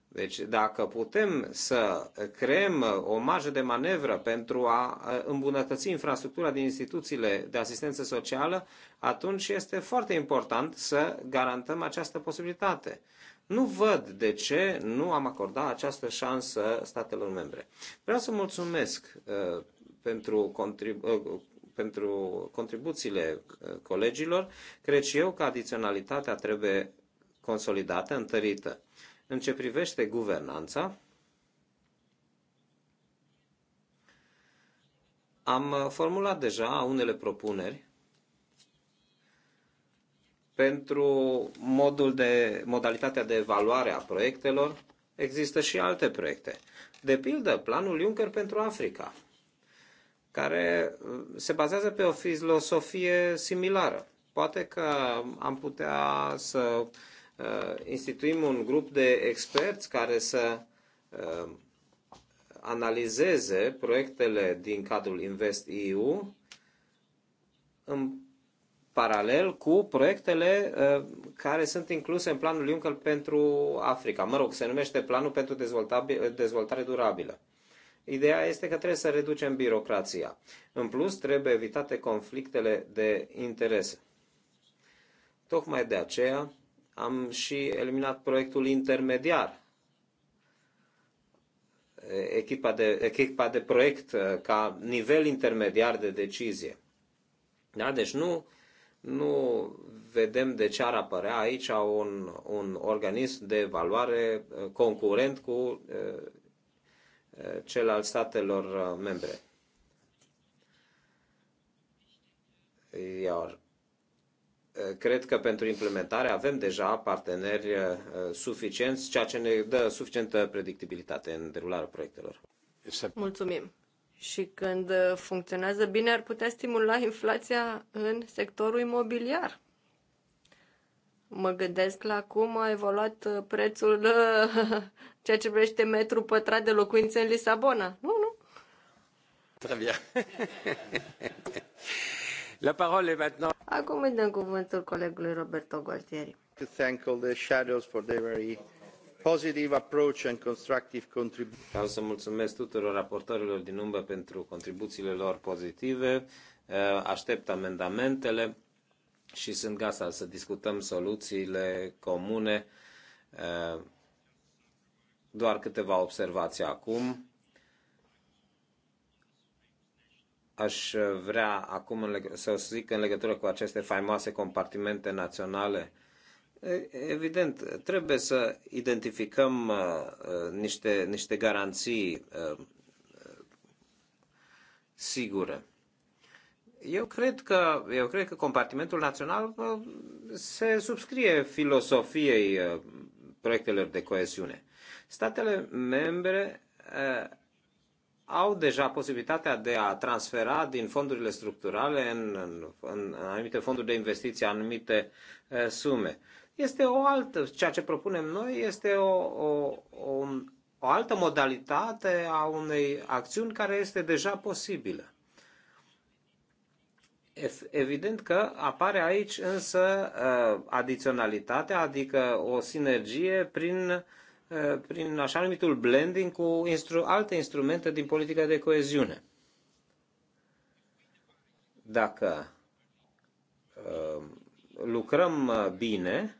Deci dacă putem să creăm uh, o marjă de manevră pentru a uh, îmbunătăți infrastructura din instituțiile de asistență socială, atunci este foarte important să garantăm această posibilitate. Nu văd de ce nu am acordat această șansă statelor membre. Vreau să mulțumesc pentru, contribu- uh, pentru contribuțiile uh, colegilor, cred și eu că adiționalitatea trebuie consolidată, întărită. În ce privește guvernanța, am uh, formulat deja unele propuneri pentru modul de, modalitatea de evaluare a proiectelor. Există și alte proiecte. De pildă, planul Juncker pentru Africa, care uh, se bazează pe o filosofie similară. Poate că am putea să uh, instituim un grup de experți care să uh, analizeze proiectele din cadrul Invest EU în paralel cu proiectele care sunt incluse în planul Juncker pentru Africa. Mă rog, se numește Planul pentru Dezvoltare Durabilă. Ideea este că trebuie să reducem birocrația. În plus, trebuie evitate conflictele de interese. Tocmai de aceea am și eliminat proiectul intermediar, echipa de, echipa de proiect uh, ca nivel intermediar de decizie. Da? Deci nu, nu vedem de ce ar apărea aici un, un organism de evaluare uh, concurent cu uh, cel al statelor uh, membre. Iar uh, cred că pentru implementare avem deja parteneri uh, suficienți, ceea ce ne dă suficientă predictibilitate în derularea proiectelor. Mulțumim! Și când funcționează bine, ar putea stimula inflația în sectorul imobiliar. Mă gândesc la cum a evoluat prețul ceea ce privește metru pătrat de locuințe în Lisabona. Nu, nu. Trebuie. La parole maintenant. Acum îi dăm cuvântul colegului Roberto Gualtieri. To thank all the shadows for their very positive approach and constructive contribution. Vreau să mulțumesc tuturor raportorilor din umbră pentru contribuțiile lor pozitive. Eh, aștept amendamentele și sunt gata să discutăm soluțiile comune eh, doar câteva observații acum. Aș vrea acum să zic în legătură cu aceste faimoase compartimente naționale Evident, trebuie să identificăm uh, uh niște, niște garanții uh, uh, sigure. Eu cred că, eu cred că compartimentul național uh, se subscrie filosofiei proiectelor de coeziune. Statele membre eh, au deja posibilitatea de a transfera din fondurile structurale în, în, în anumite fonduri de investiție anumite eh, sume. Este o altă, ceea ce propunem noi este o, o, o, o altă modalitate a unei acțiuni care este deja posibilă. Evident că apare aici însă eh, adiționalitatea, adică o sinergie prin Uh, prin așa numitul blending cu instru- alte instrumente din politica de coeziune. Dacă uh, lucrăm uh, bine,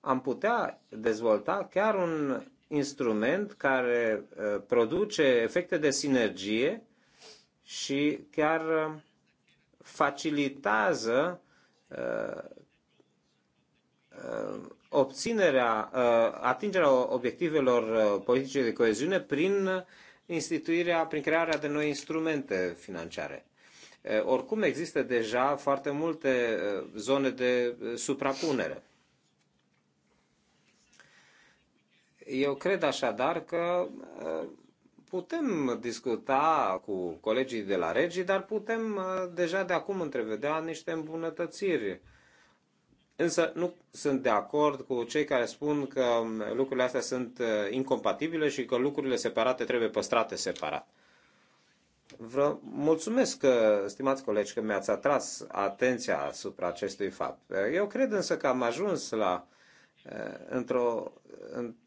am putea dezvolta chiar un instrument care produce efecte de sinergie și chiar facilitează obținerea, uh, atingerea obiectivelor uh, politicii de coeziune prin instituirea, prin crearea de noi instrumente financiare. Uh, oricum există deja foarte multe zone de suprapunere. Eu cred așadar că putem discuta cu colegii de la regii, dar putem deja de acum întrevedea niște îmbunătățiri Însă nu sunt de acord cu cei care spun că um, lucrurile astea sunt uh, incompatibile și că lucrurile separate trebuie păstrate separat. Vă mulțumesc, stimați colegi, că mi-ați atras atenția asupra acestui fapt. Eu cred însă că am ajuns la uh, într-o,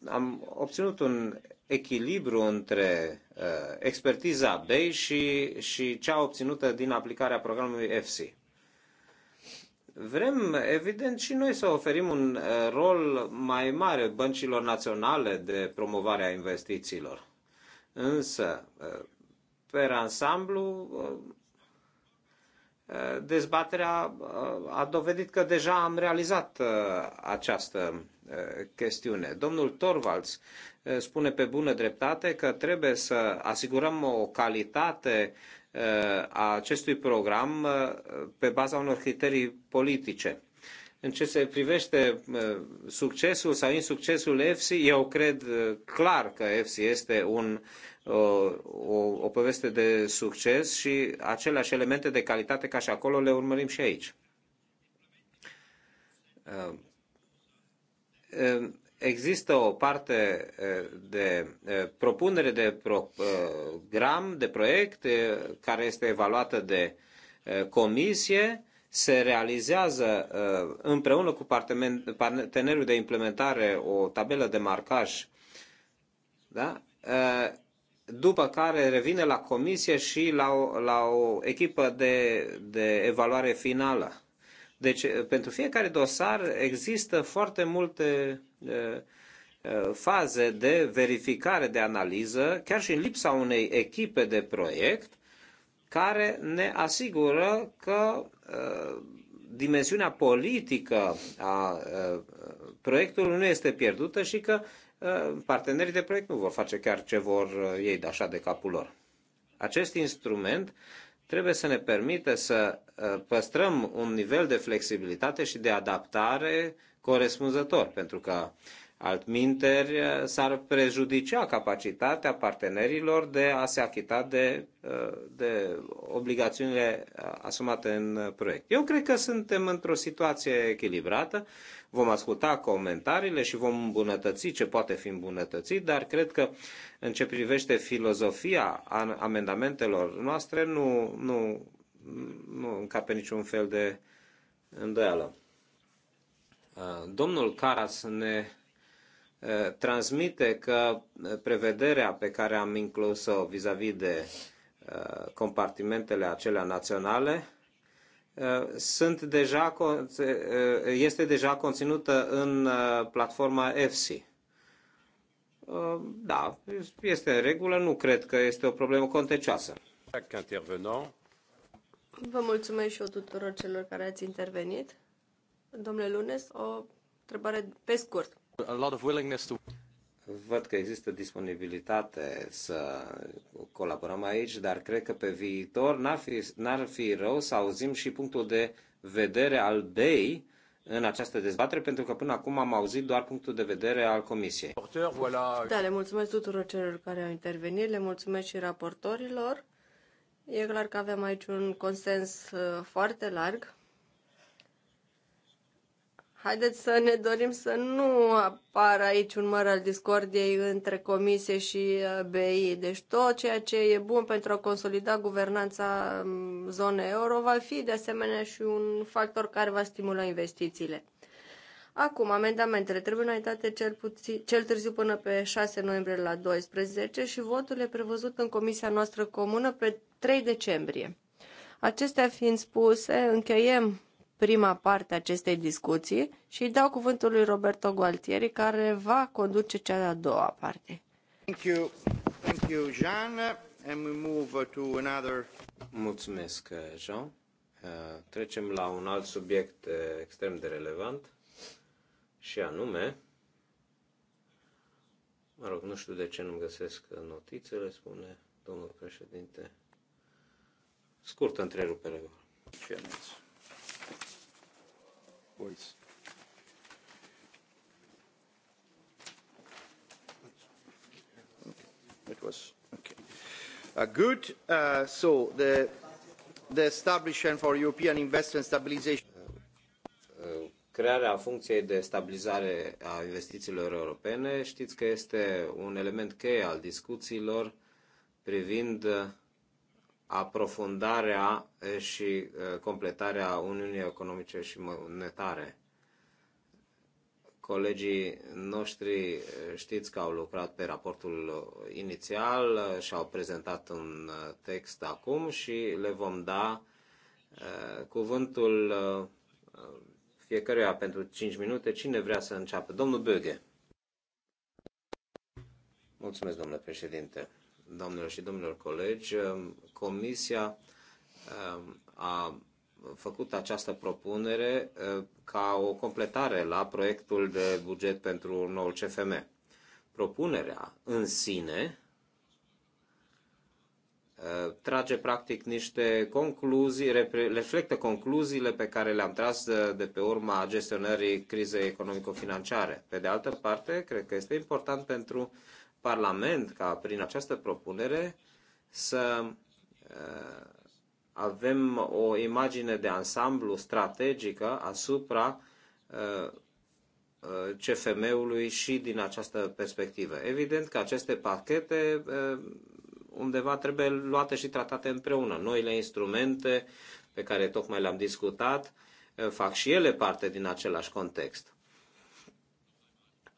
am obținut un echilibru între uh, expertiza BEI și, și cea obținută din aplicarea programului FC. Vrem, evident, și noi să oferim un uh, rol mai mare băncilor naționale de promovare a investițiilor. Însă, uh, per ansamblu, uh, dezbaterea a dovedit că deja am realizat această chestiune. Domnul Torvalds spune pe bună dreptate că trebuie să asigurăm o calitate Uh, a acestui program uh, pe baza unor criterii politice. În ce se privește uh, succesul sau insuccesul EFSI, eu cred clar că EFSI este un, o, o, o poveste de succes și aceleași elemente de calitate ca și acolo le urmărim și aici există o parte de propunere de program, de proiect, care este evaluată de comisie, se realizează împreună cu partenerul de implementare o tabelă de marcaj, da? după care revine la comisie și la o, la o echipă de, de evaluare finală. Deci, pentru fiecare dosar există foarte multe Uh, uh, faze de verificare, de analiză, chiar și în lipsa unei echipe de proiect, care ne asigură că uh, dimensiunea politică a proiectului nu este pierdută și că partenerii de proiect nu vor face chiar ce vor ei de așa de capul lor. Acest instrument trebuie să ne permită să păstrăm un nivel de flexibilitate și de adaptare corespunzător, pentru că altminteri eh, s-ar prejudicia capacitatea partenerilor de a se achita de, eh, de obligațiunile eh, asumate în proiect. Eu cred că suntem într-o situație echilibrată, vom asculta comentariile și vom îmbunătăți ce poate fi îmbunătățit, dar cred că în ce privește filozofia amendamentelor noastre nu, nu, nu încape niciun fel de îndoială. Domnul Caras ne transmite că prevederea pe care am inclus-o vis-a-vis de compartimentele acelea naționale sunt deja, este deja conținută în platforma EFSI. Da, este în regulă, nu cred că este o problemă contecioasă. Vă mulțumesc și eu tuturor celor care ați intervenit. Domnule Lunes, o întrebare pe scurt. A lot of willingness to... Văd că există disponibilitate să colaborăm aici, dar cred că pe viitor n-ar fi, n-ar fi rău să auzim și punctul de vedere al BEI în această dezbatere, pentru că până acum am auzit doar punctul de vedere al Comisiei. Da, le mulțumesc tuturor celor care au intervenit, le mulțumesc și raportorilor. E clar că avem aici un consens uh, foarte larg Haideți să ne dorim să nu apară aici un măr al discordiei între comisie și uh, BI. Deci tot ceea ce e bun pentru a consolida guvernanța um, zonei euro va fi de asemenea și un factor care va stimula investițiile. Acum, amendamentele trebuie înaintate cel, puțin, cel târziu până pe 6 noiembrie la 12 și votul e prevăzut în comisia noastră comună pe 3 decembrie. Acestea fiind spuse, încheiem prima parte a acestei discuții și îi dau cuvântul lui Roberto Gualtieri, care va conduce cea de-a doua parte. Thank you. Thank you, Jean. And we move to another... Mulțumesc, Jean. Uh, trecem la un alt subiect uh, extrem de relevant și anume, mă rog, nu știu de ce nu-mi găsesc notițele, spune domnul președinte. Scurtă întrerupere. Ce reports. It was okay. Uh, good. Uh, so the the establishment for European investment stabilization. Uh, uh, crearea funcției de stabilizare a investițiilor europene, știți că este un element cheie al discuțiilor privind aprofundarea și completarea Uniunii Economice și Monetare. Colegii noștri știți că au lucrat pe raportul inițial și au prezentat un text acum și le vom da cuvântul fiecăruia pentru 5 minute. Cine vrea să înceapă? Domnul Böge. Mulțumesc, domnule președinte doamnelor și domnilor colegi, um, Comisia um, a făcut această propunere uh, ca o completare la proiectul de buget pentru noul CFM. Propunerea în sine uh, trage practic niște concluzii, reflectă concluziile pe care le-am tras uh, de pe urma gestionării crizei economico-financiare. Pe de altă parte, cred că este important pentru uh, Parlament ca prin această propunere să uh, avem o imagine de ansamblu strategică asupra uh, uh, CFM-ului și din această perspectivă. Evident că aceste pachete undeva trebuie luate și tratate împreună. Noile instrumente pe care tocmai le-am discutat fac și ele parte din același context.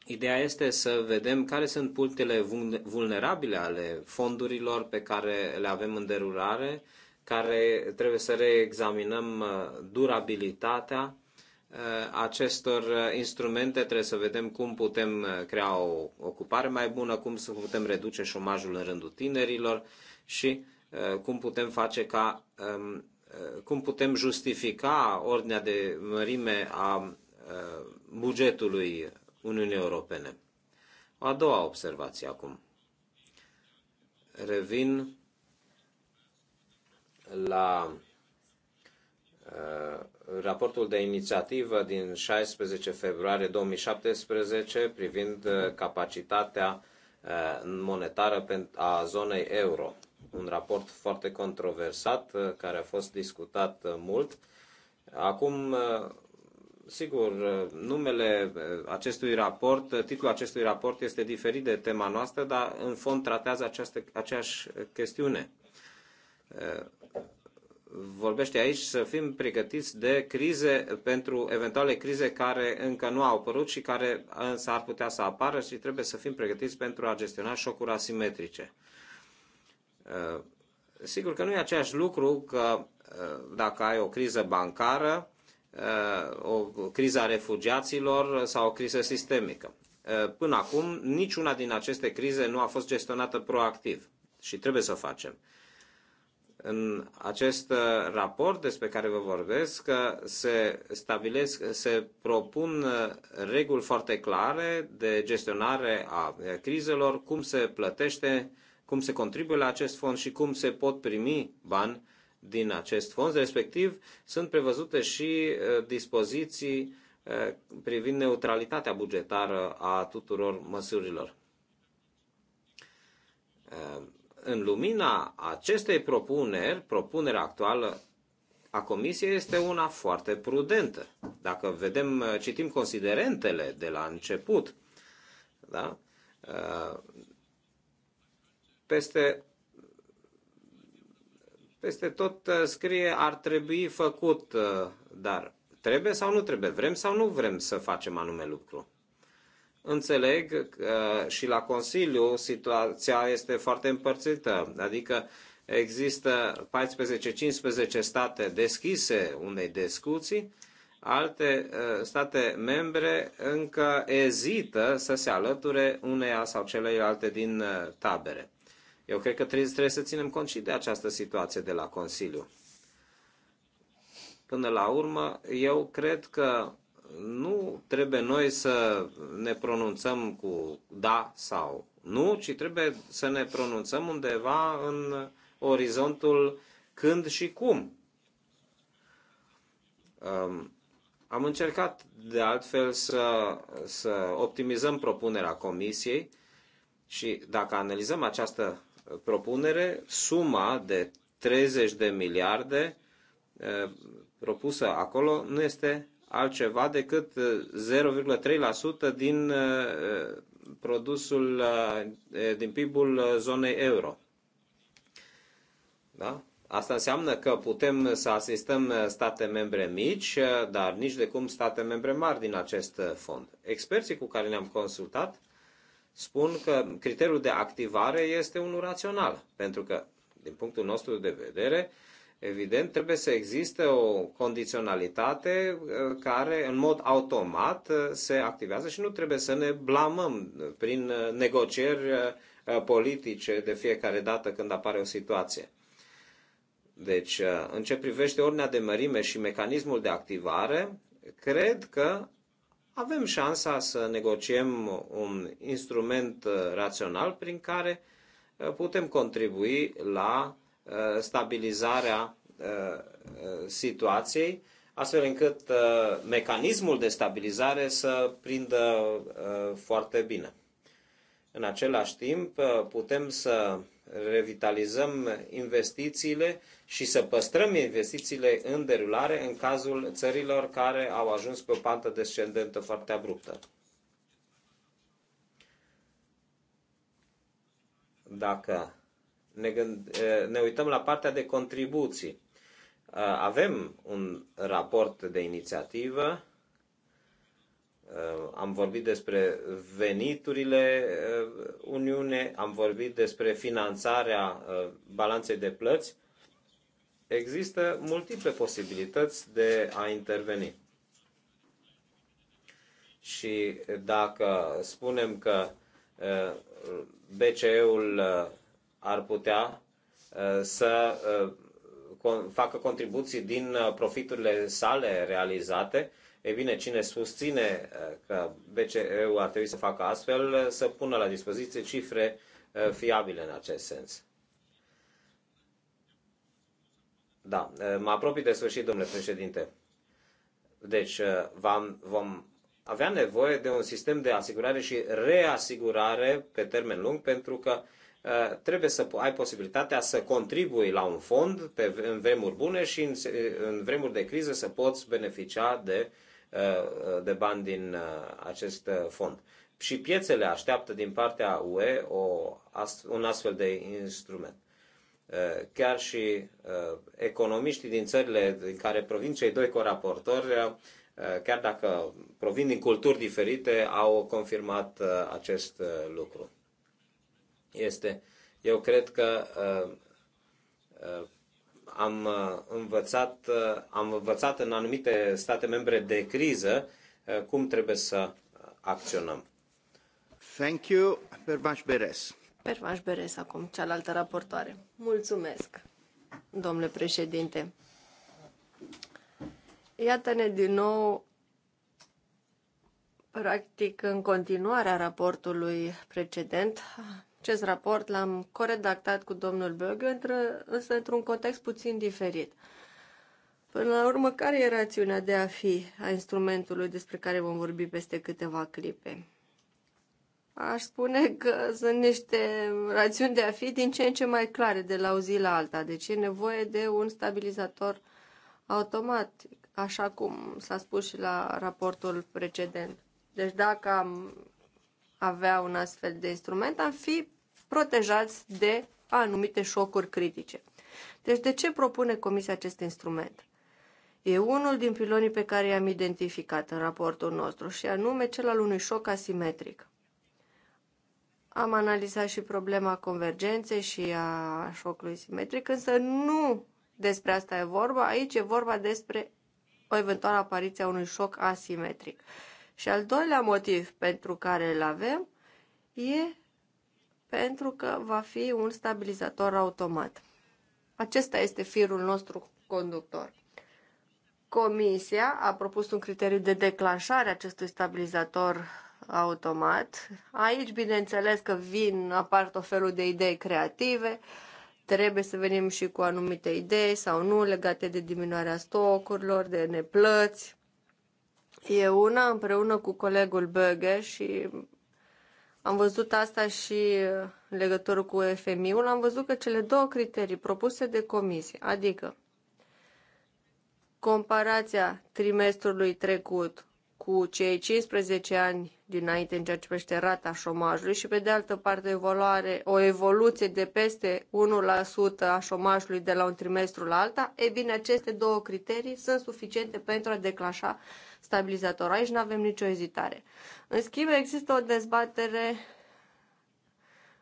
Ideea este să vedem care sunt punctele vulnerabile ale fondurilor pe care le avem în derulare, care trebuie să reexaminăm uh, durabilitatea uh, acestor uh, instrumente, trebuie să vedem cum putem crea o ocupare mai bună, cum să putem reduce șomajul în rândul tinerilor și cum putem face ca um, cum putem justifica ordinea de mărime a bugetului Uniunii Europene. O a doua observație acum. Revin la uh, raportul de inițiativă din 16 februarie 2017 privind uh, capacitatea uh, monetară a zonei euro. Un raport foarte controversat care a fost discutat mult. Acum Sigur, numele eh, acestui raport, eh, titlul acestui raport este diferit de tema noastră, dar în fond tratează această, aceeași chestiune. Eh, vorbește aici să fim pregătiți de crize pentru eventuale crize care încă nu au apărut și care însă ar putea să apară și trebuie să fim pregătiți pentru a gestiona șocuri asimetrice. Sigur că nu e același lucru că dacă ai o criză bancară, Uh, o criză a refugiaților sau o criză sistemică. Uh, până acum, niciuna din aceste crize nu a fost gestionată proactiv și trebuie să o facem. În acest uh, raport despre care vă vorbesc, se stabilesc, se propun reguli foarte clare de gestionare a crizelor, cum se plătește, cum se contribuie la acest fond și cum se pot primi bani din acest fond, respectiv sunt prevăzute și uh, dispoziții uh, privind neutralitatea bugetară a tuturor măsurilor. Uh, în lumina acestei propuneri, propunerea actuală a Comisiei este una foarte prudentă. Dacă vedem, citim considerentele de la început, da? peste peste tot uh, scrie ar trebui făcut, uh, dar trebuie sau nu trebuie? Vrem sau nu vrem să facem anume lucru? Înțeleg că uh, și la Consiliu situația este foarte împărțită, adică există 14-15 state deschise unei discuții, alte state membre încă ezită să se alăture uneia sau celelalte din tabere. Eu cred că trebuie să ținem cont și de această situație de la Consiliu. Până la urmă, eu cred că nu trebuie noi să ne pronunțăm cu da sau nu, ci trebuie să ne pronunțăm undeva în orizontul când și cum. Um, am încercat de altfel să, să optimizăm propunerea comisiei și dacă analizăm această propunere, suma de 30 de miliarde eh, propusă acolo nu este altceva decât 0,3% eh, din eh, produsul, din PIB-ul zonei euro. Da? Asta înseamnă că putem să asistăm state membre mici, dar nici de cum state membre mari din acest fond. Experții cu care ne-am consultat spun că criteriul de activare este unul rațional, pentru că, din punctul nostru de vedere, evident, trebuie să existe o condiționalitate uh, care, în mod automat, uh, se activează și nu trebuie să ne blamăm prin uh, negocieri politice de fiecare dată când apare o situație. Deci, în ce privește ordinea de mărime și mecanismul de activare, cred că avem șansa să negociem un instrument uh, rațional prin care uh, putem contribui la uh, stabilizarea situației, astfel încât mecanismul de stabilizare să prindă foarte bine. În același timp, putem să revitalizăm investițiile și să păstrăm investițiile în derulare în cazul țărilor care au ajuns pe o pantă descendentă foarte abruptă. Dacă ne, gând, ne uităm la partea de contribuții, avem un raport de inițiativă, am vorbit despre veniturile Uniune, am vorbit despre finanțarea balanței de plăți, există multiple posibilități de a interveni. Și dacă spunem că BCE-ul ar putea să facă contribuții din profiturile sale realizate, e bine, cine susține că BCE-ul ar trebui să facă astfel, să pună la dispoziție cifre fiabile în acest sens. Da, eh, mă apropii de sfârșit, domnule președinte. Deci, eh, vom vom, avea nevoie de un sistem de asigurare și reasigurare pe termen lung, pentru că eh, trebuie să ai posibilitatea să contribui la un fond pe, în vremuri bune și în, în vremuri de criză să poți beneficia de, de bani din acest fond. Și piețele așteaptă din partea UE o, un astfel de instrument. Eh, chiar și eh, economiștii din țările din care provin cei doi coraportori, eh, chiar dacă provin din culturi diferite, au confirmat acest lucru. Este, eu cred că am învățat, am învățat în anumite state membre de criză cum trebuie să acționăm. Thank you, much, Beres. Pervanș Beres acum, cealaltă raportoare. Mulțumesc, domnule președinte. Iată-ne din nou practic în continuarea raportului precedent. Acest raport l-am coredactat cu domnul Böge, însă într-un context puțin diferit. Până la urmă, care e rațiunea de a fi a instrumentului despre care vom vorbi peste câteva clipe? aș spune că sunt niște rațiuni de a fi din ce în ce mai clare de la o zi la alta. Deci e nevoie de un stabilizator automat, așa cum s-a spus și la raportul precedent. Deci dacă am avea un astfel de instrument, am fi protejați de anumite șocuri critice. Deci de ce propune Comisia acest instrument? E unul din pilonii pe care i-am identificat în raportul nostru și anume cel al unui șoc asimetric. Am analizat și problema convergenței și a șocului simetric, însă nu despre asta e vorba. Aici e vorba despre o eventuală apariție a unui șoc asimetric. Și al doilea motiv pentru care îl avem e pentru că va fi un stabilizator automat. Acesta este firul nostru conductor. Comisia a propus un criteriu de declanșare acestui stabilizator automat. Aici, bineînțeles că vin, apar tot felul de idei creative, trebuie să venim și cu anumite idei sau nu legate de diminuarea stocurilor, de neplăți. E una împreună cu colegul Böge și am văzut asta și în legătură cu FMI-ul, am văzut că cele două criterii propuse de comisie, adică comparația trimestrului trecut cu cei 15 ani dinainte în ceea ce privește rata șomajului și, pe de altă parte, evoluare, o evoluție de peste 1% a șomajului de la un trimestru la alta, e bine, aceste două criterii sunt suficiente pentru a declanșa stabilizator. Aici nu avem nicio ezitare. În schimb, există o dezbatere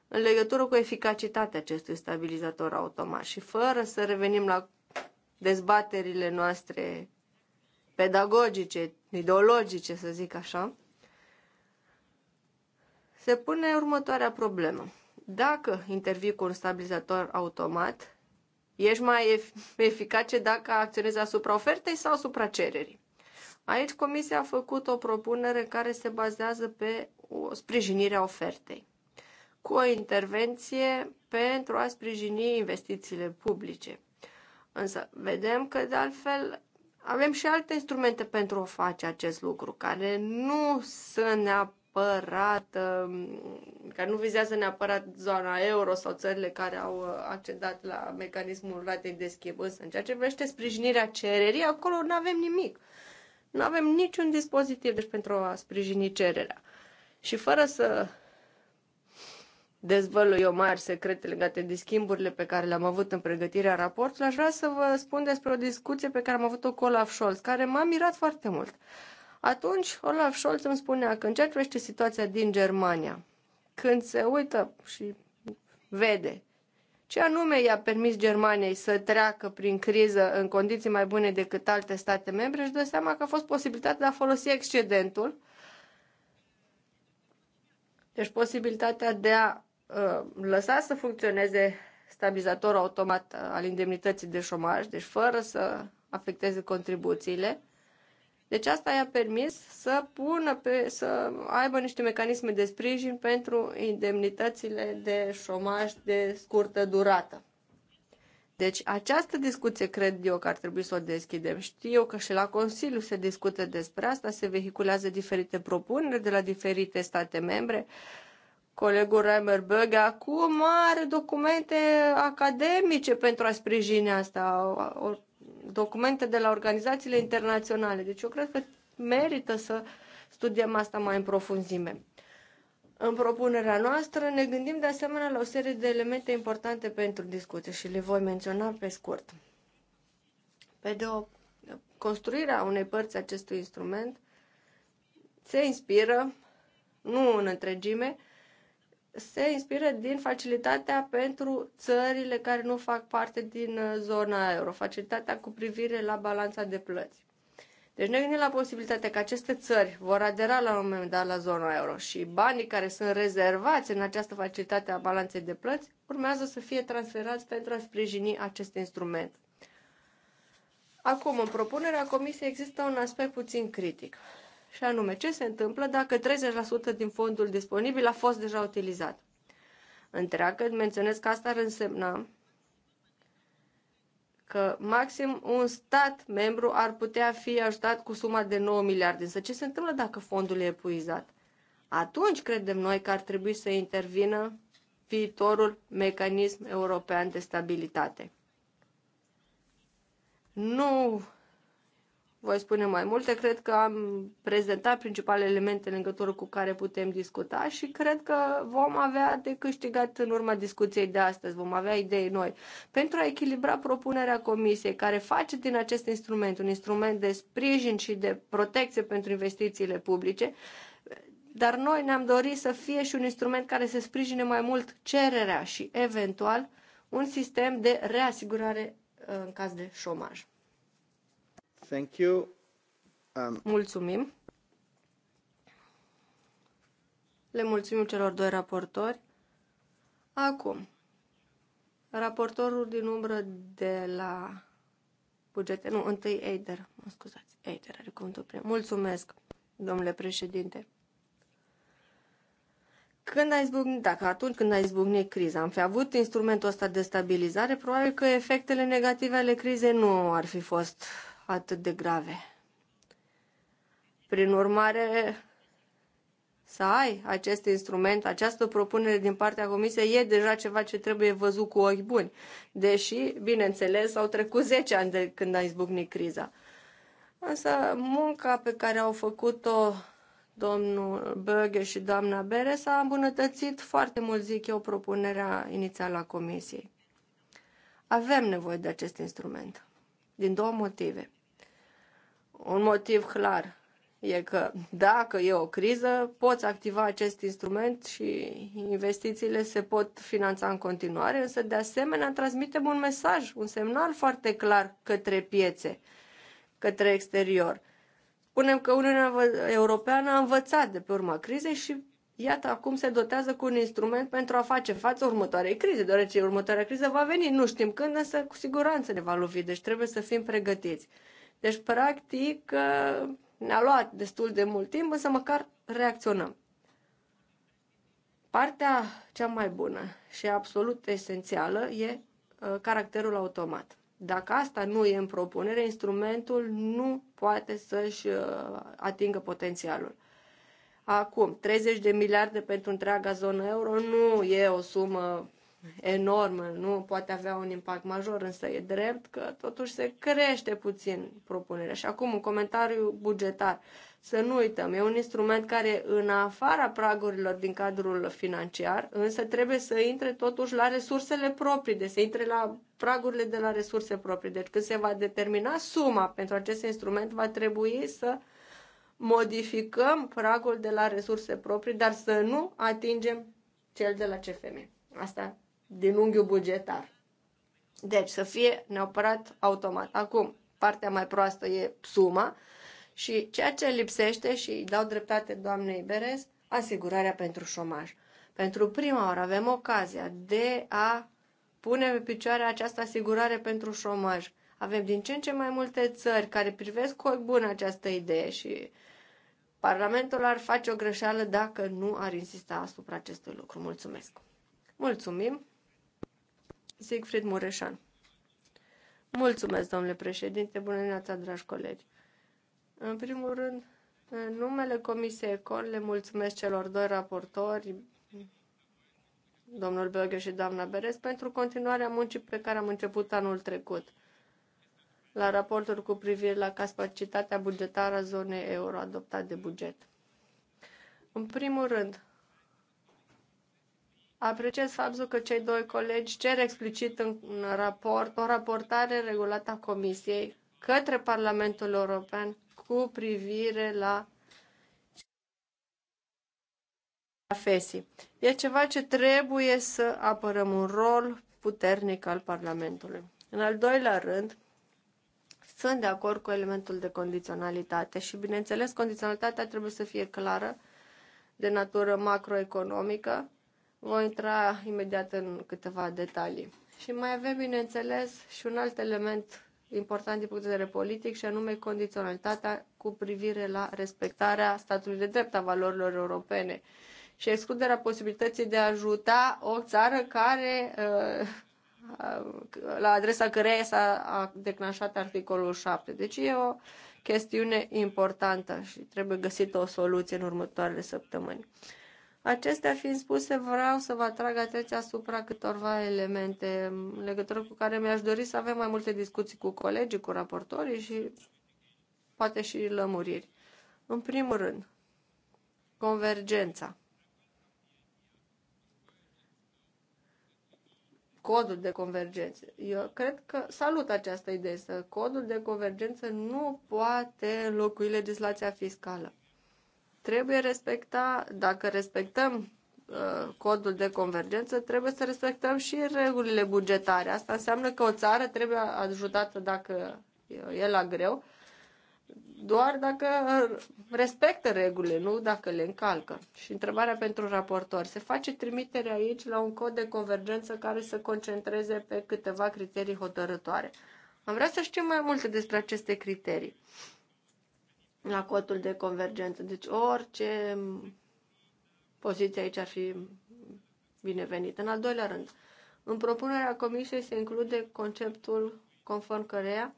în legătură cu eficacitatea acestui stabilizator automat și fără să revenim la dezbaterile noastre pedagogice, ideologice, să zic așa, se pune următoarea problemă. Dacă intervii cu un stabilizator automat, ești mai eficace dacă acționezi asupra ofertei sau asupra cererii. Aici Comisia a făcut o propunere care se bazează pe o sprijinire a ofertei, cu o intervenție pentru a sprijini investițiile publice. Însă vedem că, de altfel, avem și alte instrumente pentru a face acest lucru, care nu sunt neapărat neapărat, um, care nu vizează neapărat zona euro sau țările care au uh, accedat la mecanismul ratei de schimb. Însă, în ceea ce vrește sprijinirea cererii, acolo nu avem nimic. Nu avem niciun dispozitiv deci, pentru a sprijini cererea. Și fără să dezvălui eu mari secrete legate de schimburile pe care le-am avut în pregătirea raportului, aș vrea să vă spun despre o discuție pe care am avut-o cu Olaf Scholz, care m-a mirat foarte mult. Uh, atunci, Olaf Scholz îmi spunea că în ce privește situația din Germania, când se uită și vede ce anume i-a permis Germaniei să treacă prin criză în condiții mai bune decât alte state membre, își dă seama că a fost posibilitatea de a folosi excedentul, deci posibilitatea de a uh, lăsa să funcționeze stabilizatorul automat al indemnității de șomaj, deci fără să afecteze contribuțiile, deci asta i-a permis să pună pe, să aibă niște mecanisme de sprijin pentru indemnitățile de șomaj de scurtă durată. Deci această discuție cred eu că ar trebui să o deschidem. Știu că și la Consiliu se discută despre asta, se vehiculează diferite propuneri de la diferite state membre. Colegul Reimer Böge acum are documente academice pentru a sprijini asta documente de la organizațiile internaționale. Deci eu cred că merită să studiem asta mai în profunzime. În propunerea noastră ne gândim de asemenea la o serie de elemente importante pentru discuție și le voi menționa pe scurt. Pe de o construirea unei părți acestui instrument se inspiră, nu în întregime, se inspiră din facilitatea pentru țările care nu fac parte din uh, zona euro, facilitatea cu privire la balanța de plăți. Deci ne gândim la posibilitatea că aceste țări vor adera la un moment dat la zona euro și banii care sunt rezervați în această facilitate a balanței de plăți urmează să fie transferați pentru a sprijini acest instrument. Acum, în propunerea Comisiei există un aspect puțin critic și anume ce se întâmplă dacă 30% din fondul disponibil a fost deja utilizat. Întreagă, menționez că asta ar însemna că maxim un stat membru ar putea fi ajutat cu suma de 9 miliarde. Însă ce se întâmplă dacă fondul e epuizat? Atunci credem noi că ar trebui să intervină viitorul mecanism european de stabilitate. Nu voi spune mai multe. Cred că am prezentat principalele elemente în legătură cu care putem discuta și cred că vom avea de câștigat în urma discuției de astăzi, vom avea idei noi. Pentru a echilibra propunerea comisiei care face din acest instrument un instrument de sprijin și de protecție pentru investițiile publice, dar noi ne-am dorit să fie și un instrument care să sprijine mai mult cererea și, eventual, un sistem de reasigurare uh, în caz de șomaj. Thank you. Um... Mulțumim. Le mulțumim celor doi raportori. Acum, raportorul din umbră de la bugete, nu, întâi Eider, mă scuzați, Eider are cuvântul primul. Mulțumesc, domnule președinte. Când a izbucnit, dacă atunci când a izbucnit criza am fi avut instrumentul ăsta de stabilizare, probabil că efectele negative ale crizei nu ar fi fost atât de grave. Prin urmare, să ai acest instrument, această propunere din partea Comisiei e deja ceva ce trebuie văzut cu ochi buni, deși, bineînțeles, au trecut 10 ani de când a izbucnit criza. Însă munca pe care au făcut-o domnul Böge și doamna Beres a îmbunătățit foarte mult, zic eu, propunerea inițială a Comisiei. Avem nevoie de acest instrument, din două motive. Un motiv clar e că dacă e o criză, poți activa acest instrument și investițiile se pot finanța în continuare, însă de asemenea transmitem un mesaj, un semnal foarte clar către piețe, către exterior. Punem că Uniunea Europeană a învățat de pe urma crizei și iată acum se dotează cu un instrument pentru a face față următoarei crize, deoarece următoarea criză va veni, nu știm când, însă cu siguranță ne va lovi, deci trebuie să fim pregătiți. Deci, practic, uh, ne-a luat destul de mult timp, însă măcar reacționăm. Partea cea mai bună și absolut esențială e uh, caracterul automat. Dacă asta nu e în propunere, instrumentul nu poate să-și uh, atingă potențialul. Acum, 30 de miliarde pentru întreaga zonă euro nu e o sumă enormă, nu poate avea un impact major, însă e drept că totuși se crește puțin propunerea. Și acum un comentariu bugetar. Să nu uităm, e un instrument care în afara pragurilor din cadrul financiar, însă trebuie să intre totuși la resursele proprii, de să intre la pragurile de la resurse proprii. Deci când se va determina suma pentru acest instrument, va trebui să modificăm pragul de la resurse proprii, dar să nu atingem cel de la CFM. Asta din unghiul bugetar. Deci să fie neapărat automat. Acum, partea mai proastă e suma și ceea ce lipsește și îi dau dreptate doamnei Berez, asigurarea pentru șomaj. Pentru prima oară avem ocazia de a pune pe picioare această asigurare pentru șomaj. Avem din ce în ce mai multe țări care privesc cu bună această idee și Parlamentul ar face o greșeală dacă nu ar insista asupra acestui lucru. Mulțumesc! Mulțumim! Siegfried Mureșan. Mulțumesc, domnule președinte, bună dimineața, dragi colegi. În primul rând, în numele Comisiei Econ le mulțumesc celor doi raportori, domnul Beoghe și doamna Beres, pentru continuarea muncii pe care am început anul trecut la raportul cu privire la capacitatea bugetară a zonei euro adoptat de buget. În primul rând, Apreciez faptul că cei doi colegi cer explicit în raport o raportare regulată a Comisiei către Parlamentul European cu privire la FESI. E ceva ce trebuie să apărăm un rol puternic al Parlamentului. În al doilea rând, sunt de acord cu elementul de condiționalitate și, bineînțeles, condiționalitatea trebuie să fie clară, de natură macroeconomică, voi intra imediat în câteva detalii. Și mai avem, bineînțeles, și un alt element important din punct de vedere politic, și anume condiționalitatea cu privire la respectarea statului de drept a valorilor europene și excluderea posibilității de a ajuta o țară care, uh, la adresa căreia s-a declanșat articolul 7. Deci e o chestiune importantă și trebuie găsită o soluție în următoarele săptămâni. Acestea fiind spuse, vreau să vă atrag atenția asupra câtorva elemente în legătură cu care mi-aș dori să avem mai multe discuții cu colegii, cu raportorii și poate și lămuriri. În primul rând, convergența. Codul de convergență. Eu cred că salut această idee, să codul de convergență nu poate înlocui legislația fiscală. Trebuie respecta, dacă respectăm uh, codul de convergență, trebuie să respectăm și regulile bugetare. Asta înseamnă că o țară trebuie ajutată dacă e la greu, doar dacă respectă regulile, nu dacă le încalcă. Și întrebarea pentru raportor. Se face trimitere aici la un cod de convergență care să concentreze pe câteva criterii hotărătoare. Am vrea să știm mai multe despre aceste criterii la cotul de convergență. Deci orice poziție aici ar fi binevenită. În al doilea rând, în propunerea comisiei se include conceptul conform căreia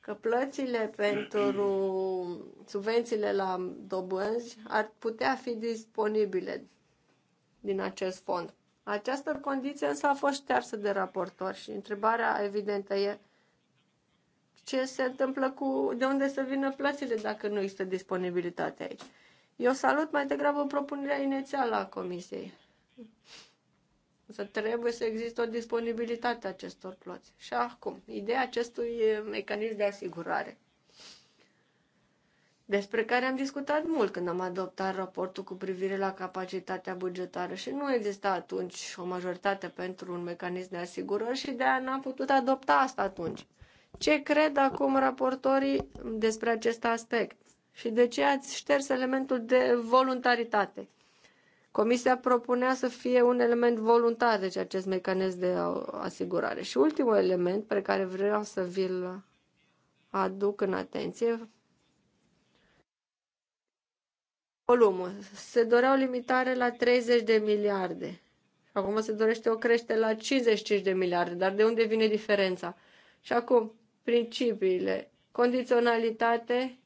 că plățile pentru subvențiile la dobânzi ar putea fi disponibile din acest fond. Această condiție însă a fost ștearsă de raportor și întrebarea evidentă e ce se întâmplă cu, de unde să vină plățile dacă nu există disponibilitate aici. Eu salut mai degrabă propunerea inițială a Comisiei. Să trebuie să existe o disponibilitate a acestor plăți. Și acum, ideea acestui eh, mecanism de asigurare, despre care am discutat mult când am adoptat raportul cu privire la capacitatea bugetară și nu exista atunci o majoritate pentru un mecanism de asigurări și de aia n-am putut adopta asta atunci. Ce cred acum raportorii despre acest aspect? Și de ce ați șters elementul de voluntaritate? Comisia propunea să fie un element voluntar, deci acest mecanism de asigurare. Și ultimul element pe care vreau să vi-l aduc în atenție, volumul. Se dorea o limitare la 30 de miliarde. Acum se dorește o creștere la 55 de miliarde, dar de unde vine diferența? Și acum, principiile, condiționalitate,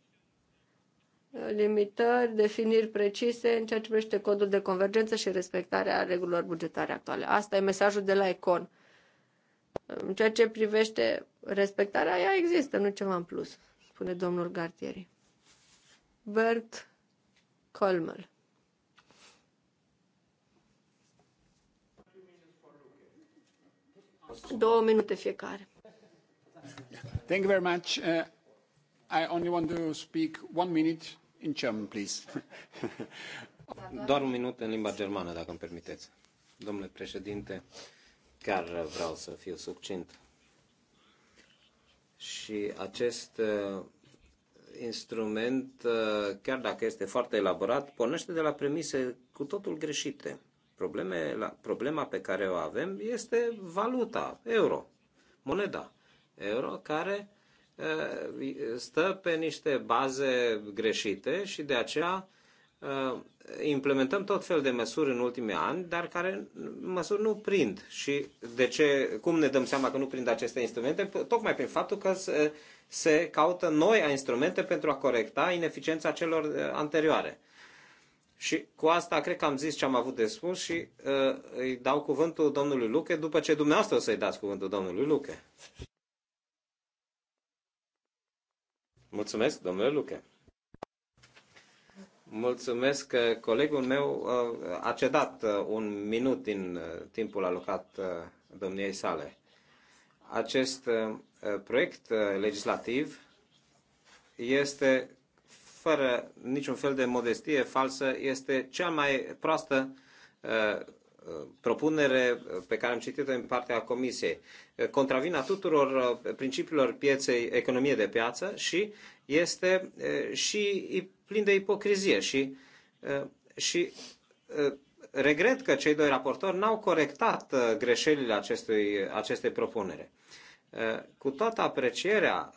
limitări, definiri precise în ceea ce privește codul de convergență și respectarea regulilor bugetare actuale. Asta e mesajul de la Econ. În ceea ce privește respectarea, ea există, nu ceva în plus, spune domnul Gartieri. Bert Colmel. Două minute fiecare. Thank you very much. Uh, I only want to speak one minute in German, please. Doar un minut în limba germană, dacă îmi permiteți. Domnule președinte, chiar vreau să fiu succint. Și acest uh, instrument, uh, chiar dacă este foarte elaborat, pornește de la premise cu totul greșite. Probleme, la, problema pe care o avem este valuta, euro, moneda euro care uh, stă pe niște baze greșite și de aceea uh, implementăm tot fel de măsuri în ultimii ani, dar care măsuri nu prind. Și de ce, cum ne dăm seama că nu prind aceste instrumente? Tocmai prin faptul că se, se caută noi instrumente pentru a corecta ineficiența celor uh, anterioare. Și cu asta cred că am zis ce am avut de spus și uh, îi dau cuvântul domnului Luche după ce dumneavoastră o să-i dați cuvântul domnului Luche. Mulțumesc, domnule Luche. Mulțumesc că colegul meu uh, a cedat uh, un minut din uh, timpul alocat domniei sale. Acest proiect legislativ este, fără niciun fel de modestie falsă, este cea mai proastă propunere uh, pe care am citit-o în partea Comisiei uh, contravine tuturor uh, principiilor pieței economie de piață și este și plin de ipocrizie și, și regret că cei doi raportori n-au corectat greșelile acestui, acestei propunere. Cu toată aprecierea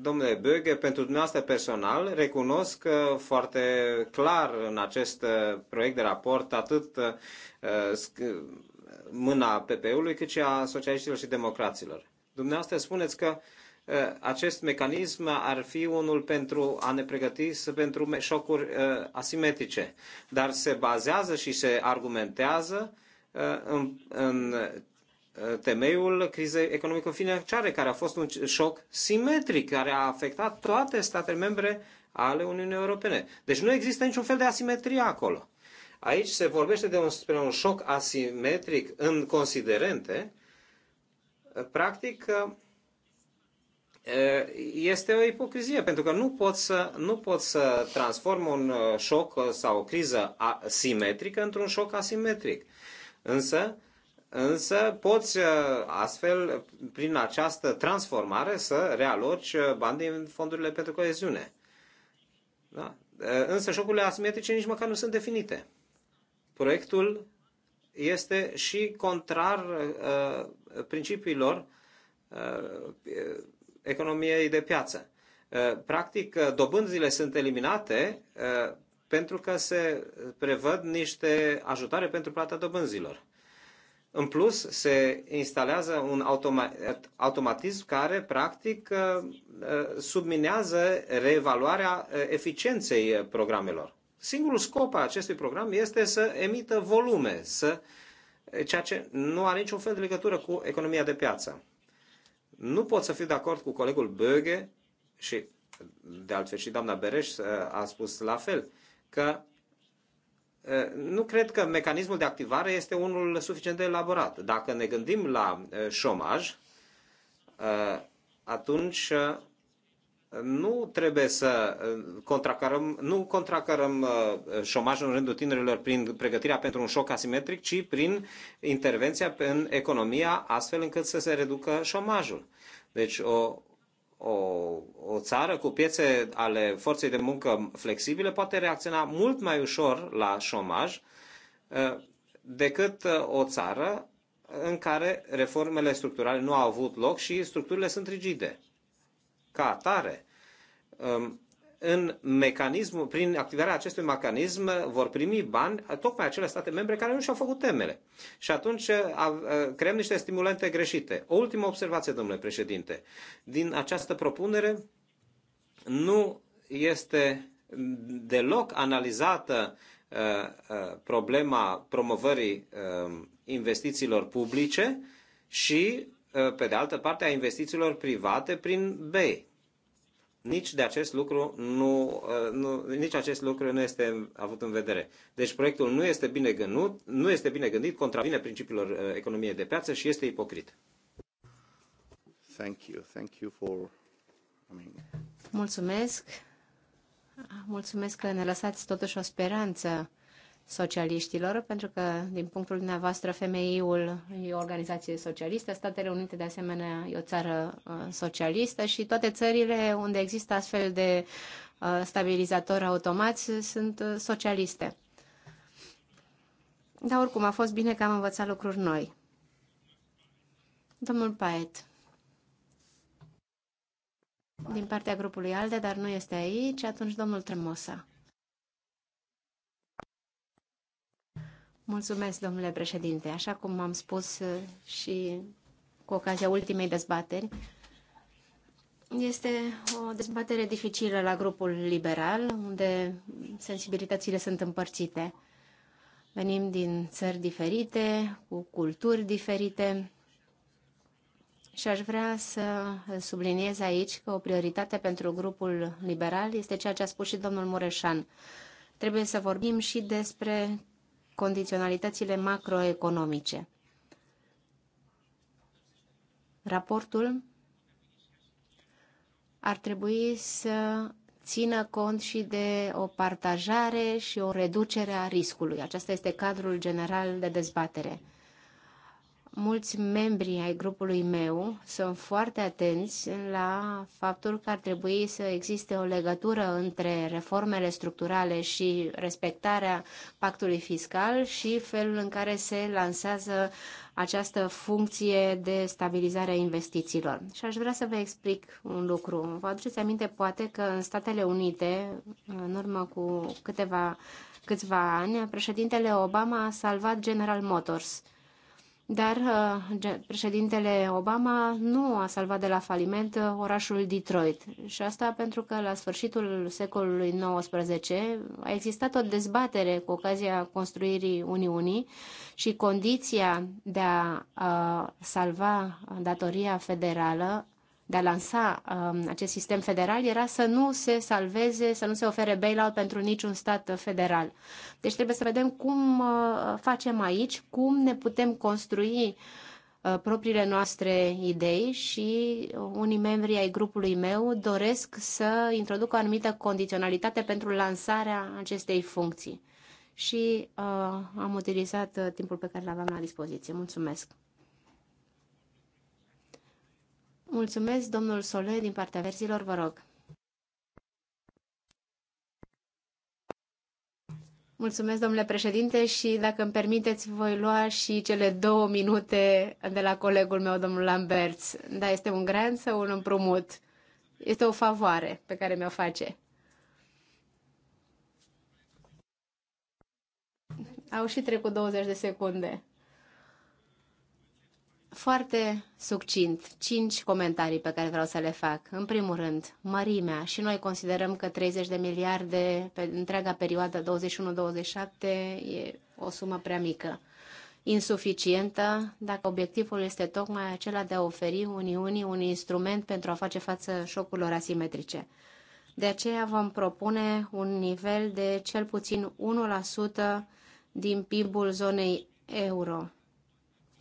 domnule Böge, pentru dumneavoastră personal, recunosc uh, foarte clar în acest uh, proiect de raport atât uh, mâna ppe ului cât și a socialiștilor și democraților. Dumneavoastră spuneți că acest mecanism ar fi unul pentru a ne pregăti pentru șocuri asimetrice, dar se bazează și se argumentează în, în Uh, temeiul crizei economico-financiare, care a fost un șoc simetric, care a afectat toate statele membre ale Uniunii Europene. Deci nu există niciun fel de asimetrie acolo. Aici se vorbește de un, despre un șoc asimetric în considerente. Uh, practic, uh, este o ipocrizie, pentru că nu pot să, nu pot să transform un șoc sau o criză simetrică într-un șoc asimetric. Însă, însă poți uh, astfel, prin această transformare, să realoci uh, bani din fondurile pentru coeziune. Da? Uh, însă șocurile asimetrice nici măcar nu sunt definite. Proiectul este și contrar uh, principiilor uh, economiei de piață. Uh, practic, dobânzile sunt eliminate uh, pentru că se prevăd niște ajutare pentru plata dobânzilor. În plus, se instalează un automa automatism care, practic, uh, uh, subminează reevaluarea uh, eficienței programelor. Singurul scop al acestui program este să emită volume, să, ceea ce nu are niciun fel de legătură cu economia de piață. Nu pot să fiu de acord cu colegul Böge și, de altfel, și doamna Bereș a spus la fel, că nu cred că mecanismul de activare este unul suficient de elaborat. Dacă ne gândim la șomaj, atunci nu trebuie să contracarăm, nu contracarăm șomajul în rândul tinerilor prin pregătirea pentru un șoc asimetric, ci prin intervenția în economia, astfel încât să se reducă șomajul. Deci o, o, o țară cu piețe ale forței de muncă flexibile poate reacționa mult mai ușor la șomaj uh, decât uh, o țară uh, în care reformele structurale nu au avut loc și structurile sunt rigide. Ca atare, um, în mecanismul, prin activarea acestui mecanism vor primi bani tocmai acele state membre care nu și-au făcut temele. Și atunci uh, uh, creăm niște stimulente greșite. O ultimă observație, domnule președinte. Din această propunere nu este deloc analizată uh, problema promovării um, investițiilor publice și, pe de altă parte, a investițiilor private prin BEI nici, de acest lucru nu, uh, nu, nici acest lucru nu este avut în vedere. Deci proiectul nu este bine gândit, nu este bine gândit contravine principiilor uh, economiei de piață și este ipocrit. Thank you. Thank you for... I mean... Mulțumesc. Mulțumesc că ne lăsați totuși o speranță socialiștilor, pentru că, din punctul dumneavoastră, femeiul e o organizație socialistă, Statele Unite, de asemenea, e o țară uh, socialistă și toate țările unde există astfel de uh, stabilizatori automați sunt uh, socialiste. Dar oricum, a fost bine că am învățat lucruri noi. Domnul Paet, din partea grupului ALDE, dar nu este aici, atunci domnul Tremosa. Mulțumesc, domnule președinte. Așa cum am spus uh, și cu ocazia ultimei dezbateri, este o dezbatere dificilă la grupul liberal, unde sensibilitățile sunt împărțite. Venim din țări diferite, cu culturi diferite și aș vrea să subliniez aici că o prioritate pentru grupul liberal este ceea ce a spus și domnul Mureșan. Trebuie să vorbim și despre condiționalitățile macroeconomice. Raportul ar trebui să țină cont și de o partajare și o reducere a riscului. Acesta este cadrul general de dezbatere mulți membri ai grupului meu sunt foarte atenți la faptul că ar trebui să existe o legătură între reformele structurale și respectarea pactului fiscal și felul în care se lansează această funcție de stabilizare a investițiilor. Și aș vrea să vă explic un lucru. Vă aduceți aminte poate că în Statele Unite, în urmă cu câteva, câțiva ani, președintele Obama a salvat General Motors dar uh, președintele Obama nu a salvat de la faliment uh, orașul Detroit. Și asta pentru că la sfârșitul secolului XIX a existat o dezbatere cu ocazia construirii Uniunii și condiția de a uh, salva datoria federală de a lansa um, acest sistem federal era să nu se salveze, să nu se ofere bailout pentru niciun stat federal. Deci trebuie să vedem cum uh, facem aici, cum ne putem construi uh, propriile noastre idei și unii membri ai grupului meu doresc să introducă o anumită condiționalitate pentru lansarea acestei funcții. Și uh, am utilizat uh, timpul pe care l-aveam la dispoziție. Mulțumesc! Mulțumesc, domnul Sole, din partea verzilor, vă rog. Mulțumesc, domnule președinte, și dacă îmi permiteți, voi lua și cele două minute de la colegul meu, domnul Lamberts. Da, este un grant sau un împrumut? Este o favoare pe care mi-o face. Au și trecut 20 de secunde. Foarte succint, cinci comentarii pe care vreau să le fac. În primul rând, mărimea. Și noi considerăm că 30 de miliarde pe întreaga perioadă 21-27 e o sumă prea mică insuficientă, dacă obiectivul este tocmai acela de a oferi Uniunii un instrument pentru a face față șocurilor asimetrice. De aceea vom propune un nivel de cel puțin 1% din PIB-ul zonei euro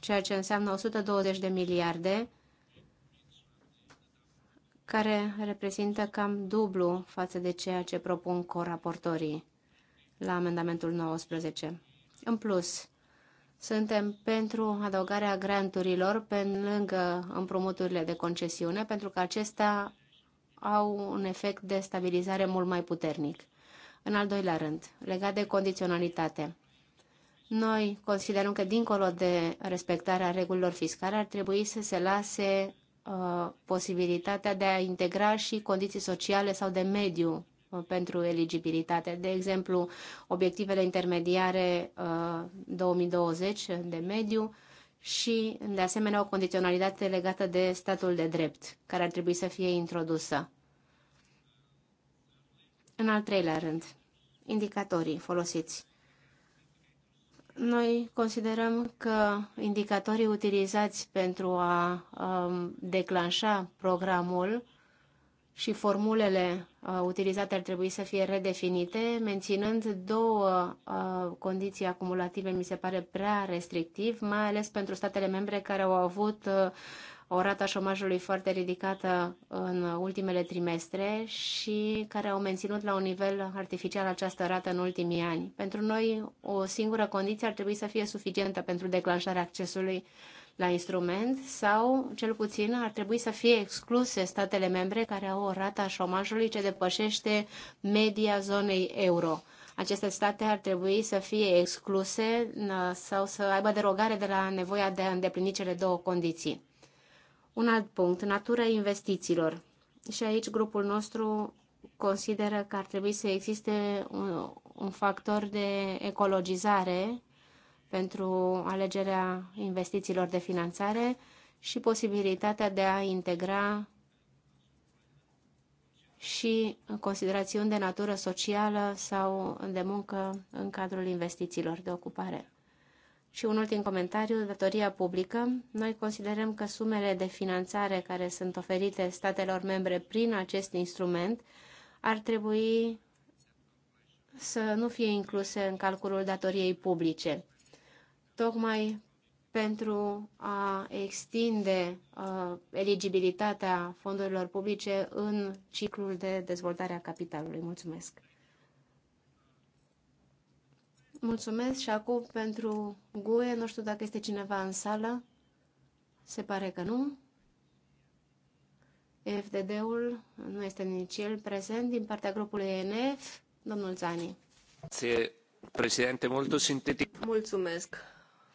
ceea ce înseamnă 120 de miliarde, care reprezintă cam dublu față de ceea ce propun coraportorii la amendamentul 19. În plus, suntem pentru adăugarea granturilor pe lângă împrumuturile de concesiune, pentru că acestea au un efect de stabilizare mult mai puternic. În al doilea rând, legat de condiționalitate. Noi considerăm că, dincolo de respectarea regulilor fiscale, ar trebui să se lase uh, posibilitatea de a integra și condiții sociale sau de mediu uh, pentru eligibilitate. De exemplu, obiectivele intermediare uh, 2020 de mediu și, de asemenea, o condiționalitate legată de statul de drept, care ar trebui să fie introdusă. În al treilea rând, indicatorii folosiți. Noi considerăm că indicatorii utilizați pentru a um, declanșa programul și formulele uh, utilizate ar trebui să fie redefinite, menținând două uh, condiții acumulative, mi se pare prea restrictiv, mai ales pentru statele membre care au avut uh, o rată a șomajului foarte ridicată în ultimele trimestre și care au menținut la un nivel artificial această rată în ultimii ani. Pentru noi, o singură condiție ar trebui să fie suficientă pentru declanșarea accesului la instrument sau, cel puțin, ar trebui să fie excluse statele membre care au o rată a șomajului ce depășește media zonei euro aceste state ar trebui să fie excluse uh, sau să aibă derogare de la nevoia de a îndeplini cele două condiții. Un alt punct, natura investițiilor. Și aici grupul nostru consideră că ar trebui să existe un, un factor de ecologizare pentru alegerea investițiilor de finanțare și posibilitatea de a integra și considerațiuni de natură socială sau de muncă în cadrul investițiilor de ocupare. Și un ultim comentariu, datoria publică. Noi considerăm că sumele de finanțare care sunt oferite statelor membre prin acest instrument ar trebui să nu fie incluse în calculul datoriei publice. Tocmai pentru a extinde uh, eligibilitatea fondurilor publice în ciclul de dezvoltare a capitalului. Mulțumesc! Mulțumesc și acum pentru GUE, nu știu dacă este cineva în sală, se pare că nu. FDD-ul nu este nici el prezent din partea grupului ENF, domnul Zani. Președinte, mult sintetic. Mulțumesc,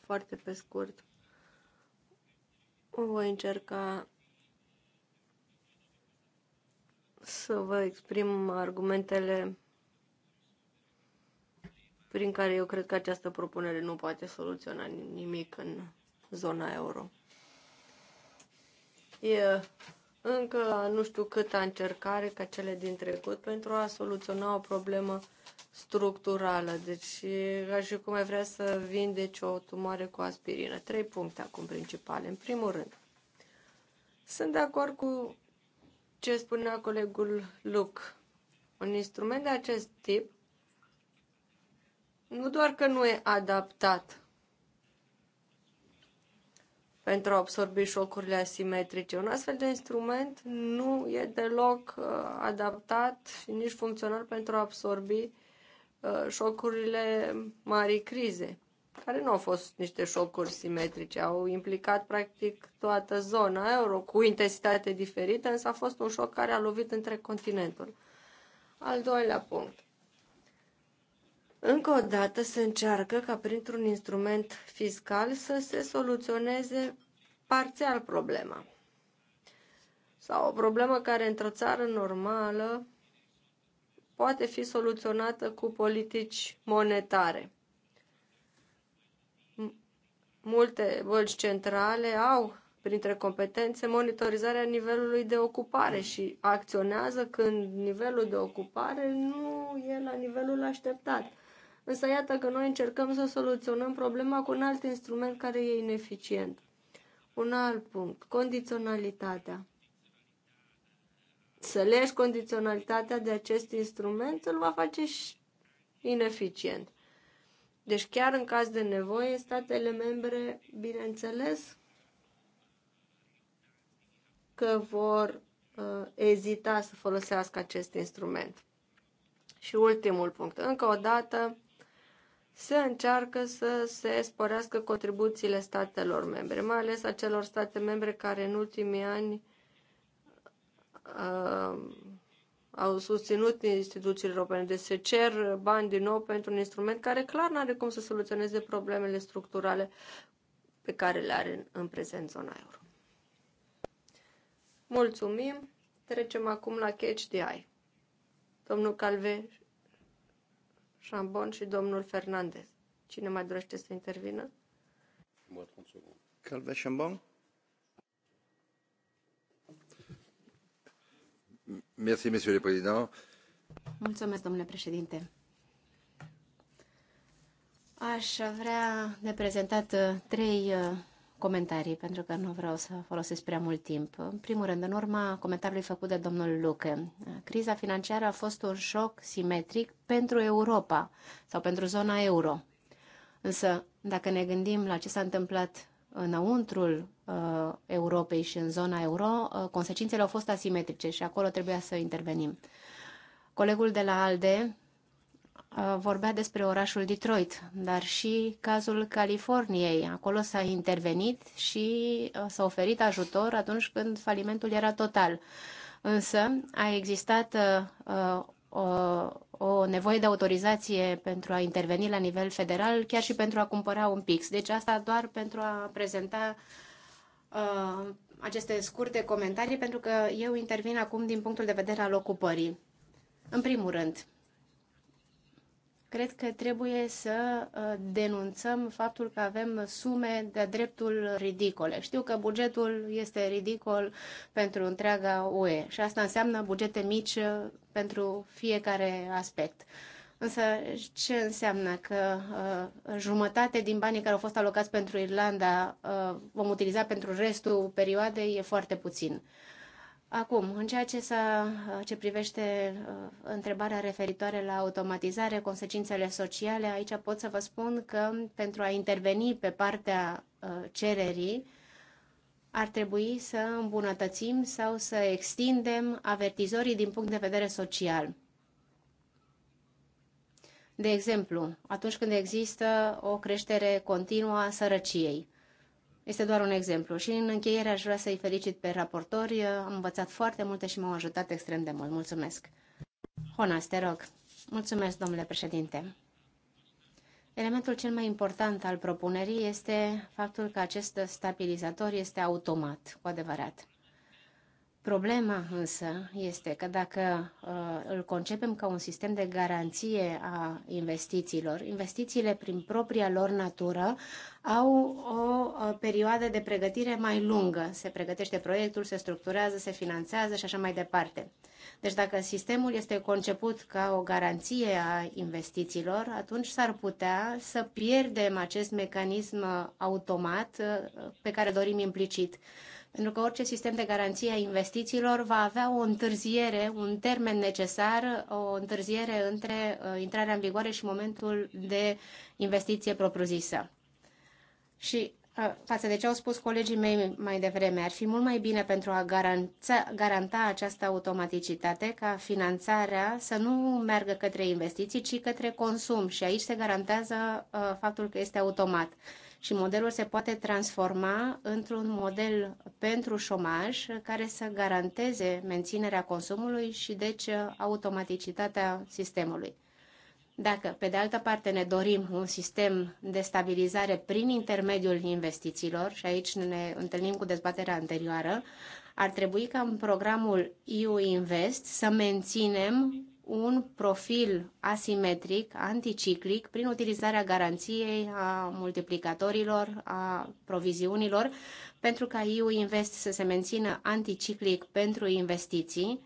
foarte pe scurt. Voi încerca să vă exprim argumentele prin care eu cred că această propunere nu poate soluționa nimic în zona euro. E încă nu știu câtă încercare ca cele din trecut pentru a soluționa o problemă structurală. Deci, ca și cum ai vrea să vindeci o tumoare cu aspirină. Trei puncte acum principale. În primul rând, sunt de acord cu ce spunea colegul Luc. Un instrument de acest tip nu doar că nu e adaptat pentru a absorbi șocurile asimetrice. Un astfel de instrument nu e deloc uh, adaptat și nici funcțional pentru a absorbi uh, șocurile marii crize, care nu au fost niște șocuri simetrice, au implicat practic toată zona euro cu intensitate diferită, însă a fost un șoc care a lovit între continentul. Al doilea punct. Încă o dată se încearcă ca printr-un instrument fiscal să se soluționeze parțial problema. Sau o problemă care într-o țară normală poate fi soluționată cu politici monetare. Multe bănci centrale au printre competențe monitorizarea nivelului de ocupare și acționează când nivelul de ocupare nu e la nivelul așteptat. Însă iată că noi încercăm să soluționăm problema cu un alt instrument care e ineficient. Un alt punct, condiționalitatea. Să lești condiționalitatea de acest instrument îl va face și ineficient. Deci chiar în caz de nevoie, statele membre, bineînțeles, că vor uh, ezita să folosească acest instrument. Și ultimul punct. Încă o dată, se încearcă să se sporească contribuțiile statelor membre, mai ales a celor state membre care în ultimii ani uh, au susținut instituțiile europene. Deci se cer bani din nou pentru un instrument care clar nu are cum să soluționeze problemele structurale pe care le are în, în prezent zona euro. Mulțumim! Trecem acum la Catch the Eye. Domnul Calveș. Șambon și domnul Fernandez. Cine mai dorește să intervină? Calve Șambon? Merci, monsieur le président. Mulțumesc, domnule președinte. Aș vrea de prezentat uh, trei uh, comentarii, pentru că nu vreau să folosesc prea mult timp. În primul rând, în urma comentariului făcut de domnul Luca, criza financiară a fost un șoc simetric pentru Europa sau pentru zona euro. Însă, dacă ne gândim la ce s-a întâmplat înăuntrul uh, Europei și în zona euro, uh, consecințele au fost asimetrice și acolo trebuia să intervenim. Colegul de la ALDE Uh, vorbea despre orașul Detroit, dar și cazul Californiei. Acolo s-a intervenit și uh, s-a oferit ajutor atunci când falimentul era total. Însă a existat uh, o, o nevoie de autorizație pentru a interveni la nivel federal, chiar și pentru a cumpăra un pix. Deci asta doar pentru a prezenta uh, aceste scurte comentarii, pentru că eu intervin acum din punctul de vedere al ocupării. În primul rând, cred că trebuie să uh, denunțăm faptul că avem sume de dreptul ridicole. Știu că bugetul este ridicol pentru întreaga UE și asta înseamnă bugete mici uh, pentru fiecare aspect. Însă ce înseamnă că uh, jumătate din banii care au fost alocați pentru Irlanda uh, vom utiliza pentru restul perioadei e foarte puțin. Uh, Acum, în ceea ce, să, ce privește uh, întrebarea referitoare la automatizare, consecințele sociale, aici pot să vă spun că pentru a interveni pe partea uh, cererii, ar trebui să îmbunătățim sau să extindem avertizorii din punct de vedere social. De exemplu, atunci când există o creștere continuă a sărăciei este doar un exemplu și în încheiere aș vrea să-i felicit pe raportori. Am învățat foarte multe și m-au ajutat extrem de mult. Mulțumesc! Honas, te rog. Mulțumesc, domnule președinte. Elementul cel mai important al propunerii este faptul că acest stabilizator este automat, cu adevărat. Problema însă este că dacă uh, îl concepem ca un sistem de garanție a investițiilor, investițiile prin propria lor natură au o uh, perioadă de pregătire mai lungă. Se pregătește proiectul, se structurează, se finanțează și așa mai departe. Deci dacă sistemul este conceput ca o garanție a investițiilor, atunci s-ar putea să pierdem acest mecanism automat uh, pe care dorim implicit pentru că orice sistem de garanție a investițiilor va avea o întârziere, un termen necesar, o întârziere între uh, intrarea în vigoare și momentul de investiție propriu-zisă. Și uh, față de ce au spus colegii mei mai devreme, ar fi mult mai bine pentru a garanta, garanta această automaticitate ca finanțarea să nu meargă către investiții, ci către consum. Și aici se garantează uh, faptul că este automat. Uh, și modelul se poate transforma într-un model pentru șomaj care să garanteze menținerea consumului și deci automaticitatea sistemului. Dacă, pe de altă parte, ne dorim un sistem de stabilizare prin intermediul investițiilor, și aici ne întâlnim cu dezbaterea anterioară, ar trebui ca în programul EU Invest să menținem un profil asimetric, anticiclic, prin utilizarea garanției a multiplicatorilor, a proviziunilor, pentru ca EU Invest să se mențină anticiclic pentru investiții,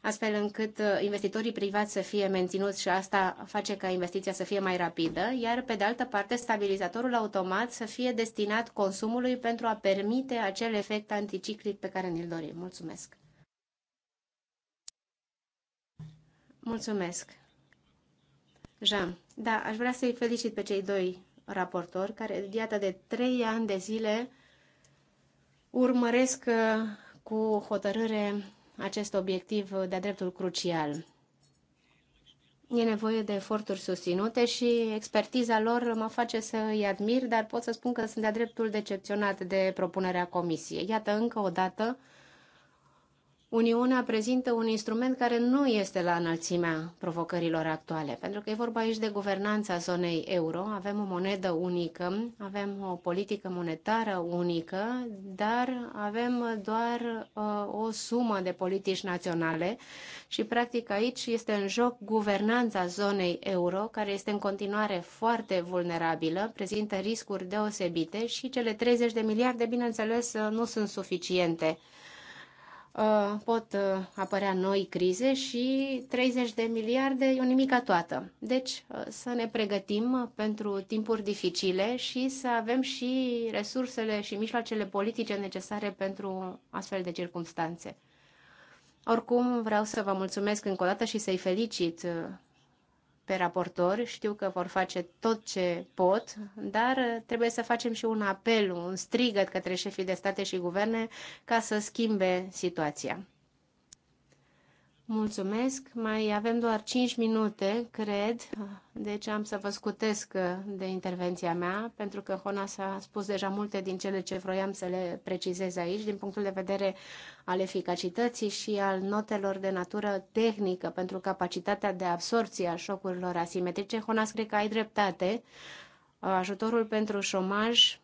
astfel încât uh, investitorii privați să fie menținuți și asta face ca investiția să fie mai rapidă, iar pe de altă parte stabilizatorul automat să fie destinat consumului pentru a permite acel efect anticiclic pe care ne-l dorim. Mulțumesc! Mulțumesc. Jean, da, aș vrea să-i felicit pe cei doi raportori care, iată, de trei ani de zile urmăresc uh, cu hotărâre acest obiectiv uh, de-a dreptul crucial. E nevoie de eforturi susținute și expertiza lor mă face să îi admir, dar pot să spun că sunt de-a dreptul decepționat de propunerea comisiei. Iată, încă o dată, Uniunea prezintă un instrument care nu este la înălțimea provocărilor actuale, pentru că e vorba aici de guvernanța zonei euro, avem o monedă unică, avem o politică monetară unică, dar avem doar uh, o sumă de politici naționale și practic aici este în joc guvernanța zonei euro, care este în continuare foarte vulnerabilă, prezintă riscuri deosebite și cele 30 de miliarde, bineînțeles, nu sunt suficiente Uh, pot uh, apărea noi crize și 30 de miliarde e o nimica toată. Deci uh, să ne pregătim pentru timpuri dificile și să avem și resursele și mijloacele politice necesare pentru astfel de circunstanțe. Oricum, vreau să vă mulțumesc încă o dată și să-i felicit pe raportor, știu că vor face tot ce pot, dar trebuie să facem și un apel, un strigăt către șefii de state și guverne ca să schimbe situația. Mulțumesc. Mai avem doar 5 minute, cred, deci am să vă scutesc de intervenția mea, pentru că Hona s-a spus deja multe din cele ce vroiam să le precizez aici, din punctul de vedere al eficacității și al notelor de natură tehnică pentru capacitatea de absorție a șocurilor asimetrice. Hona, cred că ai dreptate. Ajutorul pentru șomaj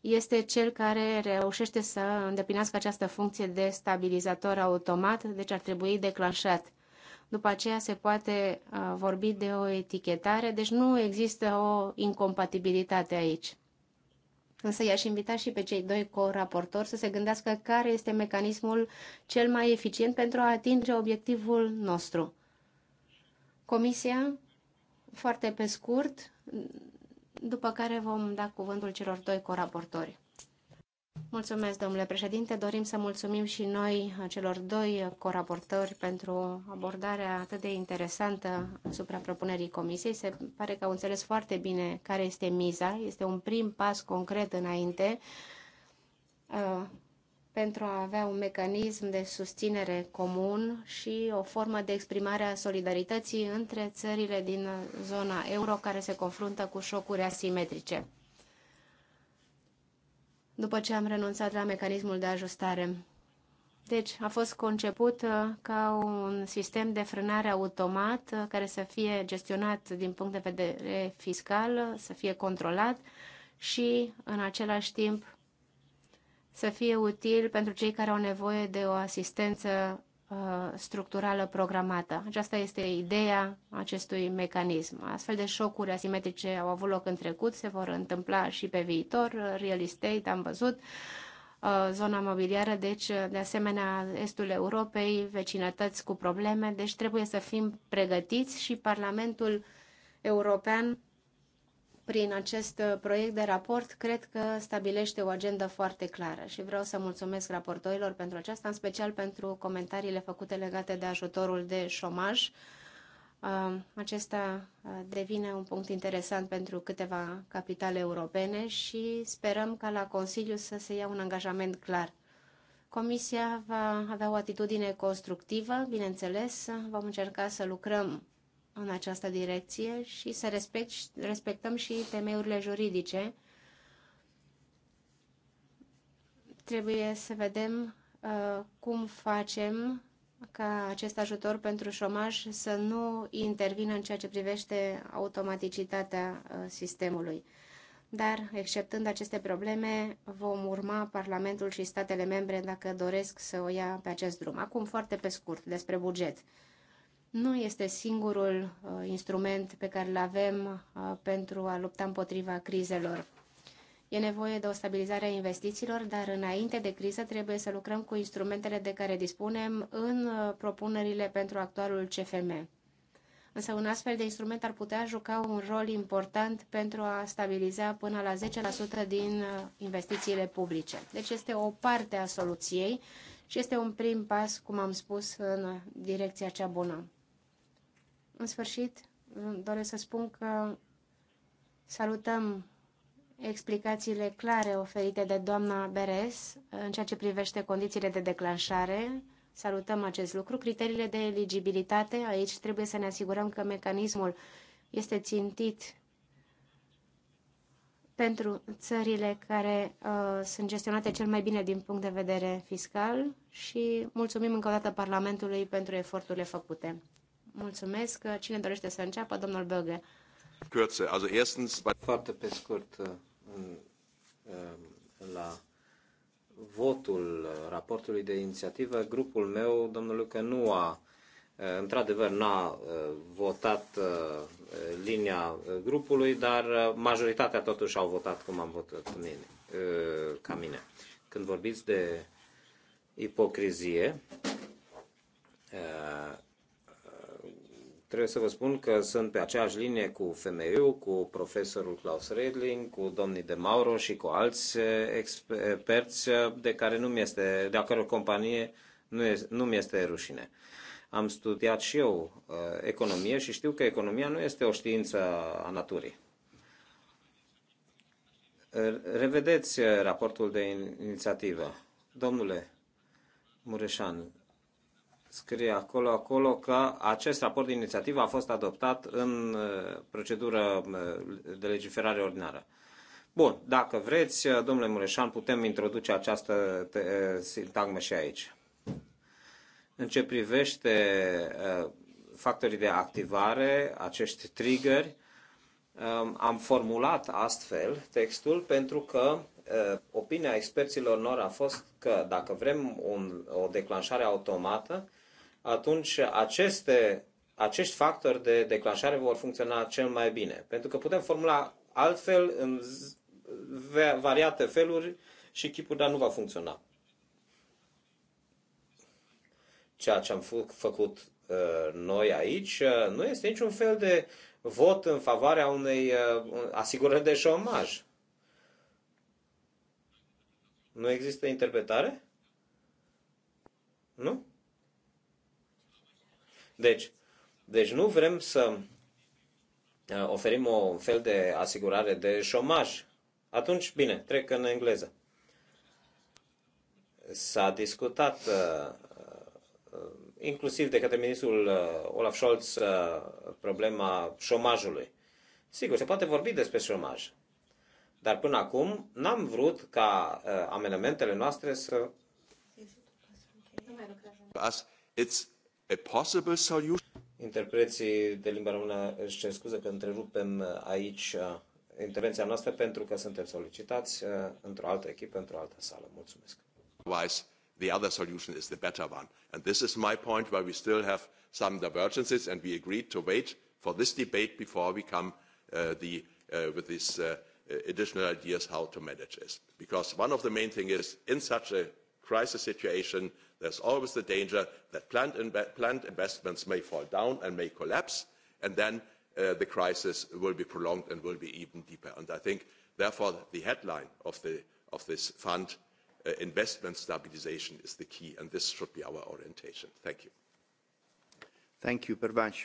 este cel care reușește să îndeplinească această funcție de stabilizator automat, deci ar trebui declanșat. După aceea se poate uh, vorbi de o etichetare, deci nu există o incompatibilitate aici. Însă i-aș invita și pe cei doi co-raportori să se gândească care este mecanismul cel mai eficient pentru a atinge obiectivul nostru. Comisia, foarte pe scurt, după care vom da cuvântul celor doi coraportori. Mulțumesc, domnule președinte. Dorim să mulțumim și noi celor doi coraportori pentru abordarea atât de interesantă asupra propunerii comisiei. Se pare că au înțeles foarte bine care este miza. Este un prim pas concret înainte uh, pentru a avea un mecanism de susținere comun și o formă de exprimare a solidarității între țările din zona euro care se confruntă cu șocuri asimetrice. După ce am renunțat la mecanismul de ajustare. Deci a fost conceput uh, ca un sistem de frânare automat uh, care să fie gestionat din punct de vedere fiscal, să fie controlat și în același timp să fie util pentru cei care au nevoie de o asistență uh, structurală programată. Aceasta este ideea acestui mecanism. Astfel de șocuri asimetrice au avut loc în trecut, se vor întâmpla și pe viitor. Real estate, am văzut, uh, zona mobiliară, deci de asemenea estul Europei, vecinătăți cu probleme, deci trebuie să fim pregătiți și Parlamentul European prin acest uh, proiect de raport, cred că stabilește o agendă foarte clară și vreau să mulțumesc raportorilor pentru aceasta, în special pentru comentariile făcute legate de ajutorul de șomaj. Uh, acesta uh, devine un punct interesant pentru câteva capitale europene și sperăm ca la Consiliu să se ia un angajament clar. Comisia va avea o atitudine constructivă, bineînțeles, vom încerca să lucrăm în această direcție și să respect, respectăm și temeiurile juridice. Trebuie să vedem uh, cum facem ca acest ajutor pentru șomaj să nu intervină în ceea ce privește automaticitatea uh, sistemului. Dar, exceptând aceste probleme, vom urma Parlamentul și statele membre dacă doresc să o ia pe acest drum. Acum, foarte pe scurt, despre buget nu este singurul uh, instrument pe care îl avem uh, pentru a lupta împotriva crizelor. E nevoie de o stabilizare a investițiilor, dar înainte de criză trebuie să lucrăm cu instrumentele de care dispunem în uh, propunerile pentru actualul CFM. Însă un astfel de instrument ar putea juca un rol important pentru a stabiliza până la 10% din investițiile publice. Deci este o parte a soluției și este un prim pas, cum am spus, în direcția cea bună. În sfârșit, doresc să spun că salutăm explicațiile clare oferite de doamna Beres în ceea ce privește condițiile de declanșare. Salutăm acest lucru. Criteriile de eligibilitate, aici trebuie să ne asigurăm că mecanismul este țintit pentru țările care uh, sunt gestionate cel mai bine din punct de vedere fiscal și mulțumim încă o dată Parlamentului pentru eforturile făcute. Mulțumesc. Cine dorește să înceapă? Domnul Böge. Kürze. Also erstens... Foarte pe scurt uh, um, la votul uh, raportului de inițiativă, grupul meu, domnul Lucă, nu a uh, într-adevăr n-a votat linia grupului, dar majoritatea totuși au votat cum am votat mine, ca mine. Când vorbiți de ipocrizie, Trebuie să vă spun că sunt pe aceeași linie cu FMU, cu profesorul Klaus Redling, cu domnii de Mauro și cu alți eh, experți eh, de care nu mi este, de a căror companie nu, nu mi este rușine. Am studiat și eu eh, economie și știu că economia nu este o știință a naturii. Revedeți raportul de inițiativă. Domnule Mureșan, scrie acolo, acolo că acest raport de inițiativă a fost adoptat în uh, procedură uh, de legiferare ordinară. Bun, dacă vreți, uh, domnule Mureșan, putem introduce această sintagmă și aici. În ce privește factorii de activare, acești triggeri, um, am formulat astfel textul pentru că opinia experților lor a fost că dacă vrem un, o declanșare automată, atunci aceste, acești factori de declanșare vor funcționa cel mai bine. Pentru că putem formula altfel, în variate feluri și chipul, dar nu va funcționa. Ceea ce am făcut uh, noi aici uh, nu este niciun fel de vot în favoarea unei uh, asigurări de șomaj. Nu există interpretare? Nu? Deci, deci nu vrem să uh, oferim o fel de asigurare de șomaj. Atunci, bine, trec în engleză. S-a discutat uh, uh, inclusiv de către ministrul Olaf Scholz problema șomajului. Sigur, se poate vorbi despre șomaj, dar până acum n-am vrut ca uh, amendamentele noastre să... As it's a possible solution... Interpreții de limba română își cer scuze că întrerupem aici uh, intervenția noastră pentru că suntem solicitați uh, într-o altă echipă, într-o altă sală. Mulțumesc. Otherwise, the other solution is the better one. And this is my point where we still have some divergences and we agreed to wait for this debate before we come uh, the, uh, with these uh, additional ideas how to manage this. Because one of the main things is in such a crisis situation, there's always the danger that planned investments may fall down and may collapse and then uh, the crisis will be prolonged and will be even deeper. And I think, therefore, the headline of, the, of this fund, uh, investment stabilisation, is the key, and this should be our orientation. Thank you. Thank you, Pervanch.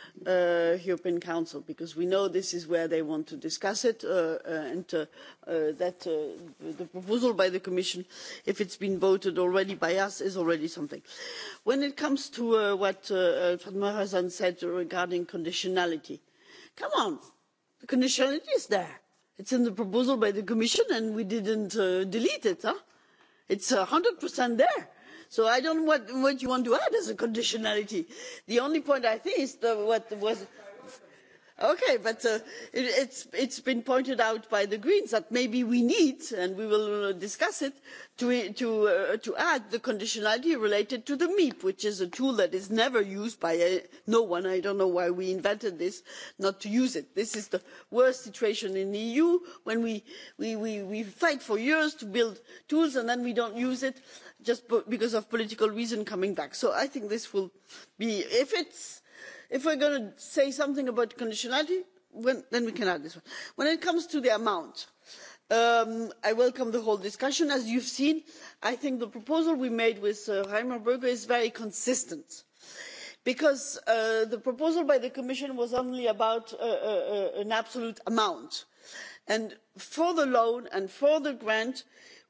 Uh, European Council, because we know this is where they want to discuss it, uh, uh, and that the proposal by the Commission, if it's been voted already by us, is already something. When it comes to what Mr. Hazan said regarding conditionality, come on, the conditionality is there. It's in the proposal by the Commission, and we didn't delete it. it's It's 100% there so i don't know what, you want to add as a conditionality. the only point i think is what was okay but uh, it's, been pointed out by the greens that maybe we need and we will uh, discuss it uh, to, add the conditionality related to the meep which is a tool that is never used by no one i don't know why we invented this not to use it. this is the worst situation in the eu when we, we, we, we fight for years to build tools and then we don't use it just because of political reasons coming back. so i think this will be if it's if we're going to say something about conditionality then we can add this one. when it comes to the amount um, i welcome the whole discussion. as you've seen i think the proposal we made with uh, reimer bge is very consistent because uh, the proposal by the commission was only about uh, an absolute amount and for the loan and for the grant